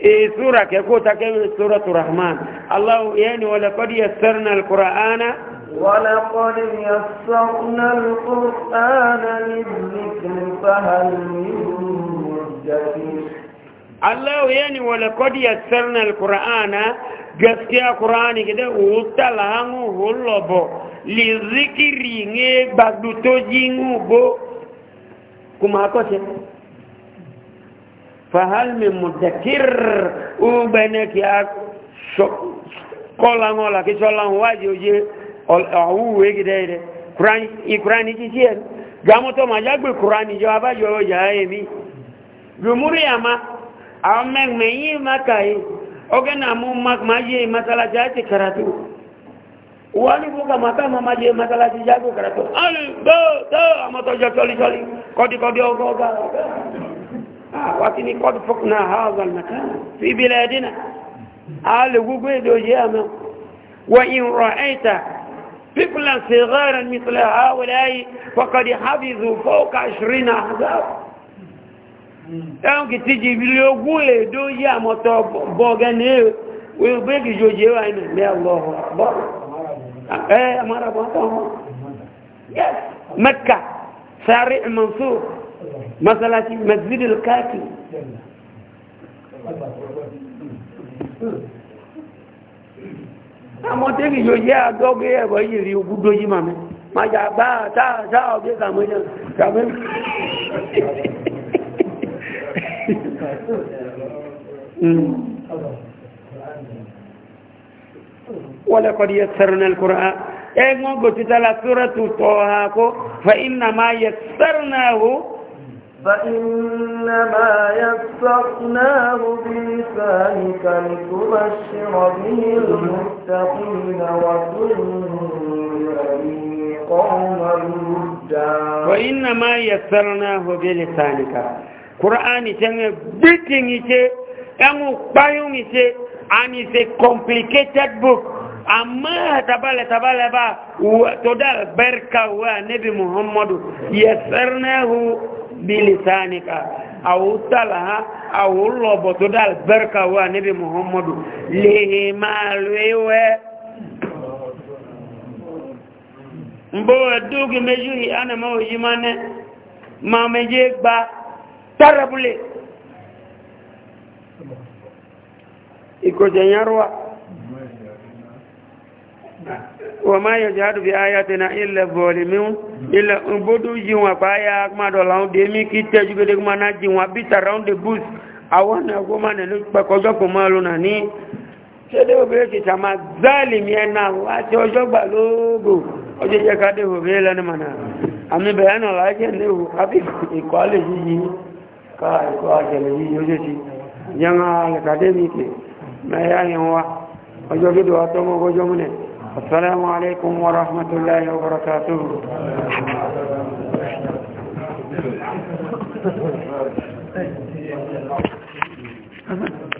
e sura ke ko ta ke suratul rahman allah yani wala qad yassarna alqur'ana
wala qad yassarna alqur'ana lidhikri fahal min muddakin
allah yani wala qad yassarna alqur'ana gaskiya qur'ani gede wuta lahangu hulobo li zikiri nge bagdu to jingu bo kuma ko se fa hal min mudakkir u banaki kola ngola ki sola waji oje awu we gede de qur'ani i qur'ani ji ji gamo ma jagbe qur'ani jo abajo yo ya emi rumuri ama amen meyi makai oge na mu ma je masalaci ake karatu wani buka mata ma ma je masalaci jago karatu ali do do amatojo toli toli kodi kodi ogo oga ah, wakini kodi na haza almakan fi biladina ali gugu edoje ama wa in ra'aita طفلا صغارا مثل هؤلاء فقد حفظوا فوق عشرين أحزاب táwọn kìtì jìbìlì ogún èdò yí àmọ́tọ́ bọ́ọ̀gẹ́ ní wíwẹ́kì jòjì ẹwà inú ẹ̀mí àlọ́ọ̀họ̀ àbọ́ ẹ̀ àmọ́ràbọ̀ àtọ́wọ́ yes mẹ́kà sáré mansour masalasi masjid al-kaki
àmọ́ tẹ́kì jòjì
àdọ́gẹ́ ẹ̀bọ̀ yìí rí ogún dójí màmí màjà bá táà táà ọ̀gẹ́ kàmẹ́jọ
kàmẹ́jọ wala
qad yassarna alquran e ngo titala suratu toha ko fa inna ma
yassarnahu فإنما يسرناه بلسانك لتبشر به المتقين وتنذر به قوما يرجعون
وإنما يسرناه بلسانك Qur'ani tenge biting ite, emu bayung ite, and it's a complicated book. Amma tabale tabale ba todal berka wa Nabi Muhammadu hu yasarnahu bilisanika aw talaha aw lobo todal berka wa Nabi Muhammadu lehe malwewe mbo dugi meju ana ma ojimane ma meje gba terribly. ikojenyarwa wama yajhadu bi ayatina illa zalimun illa ubudu yiwa baya ma do laun de mi ki teju gede ma na jiwa bi around the bush awana go ma ne pe kojo ko ma na ni se de ki ta ma na wa ti ojo gba logo ojo je ka de la ni mana ami be na la kai ko ajele yi yoje ti yanga academic me ya yanwa ojo gido ato mo gojo mune assalamu alaikum wa rahmatullahi wa barakatuh
Thank you.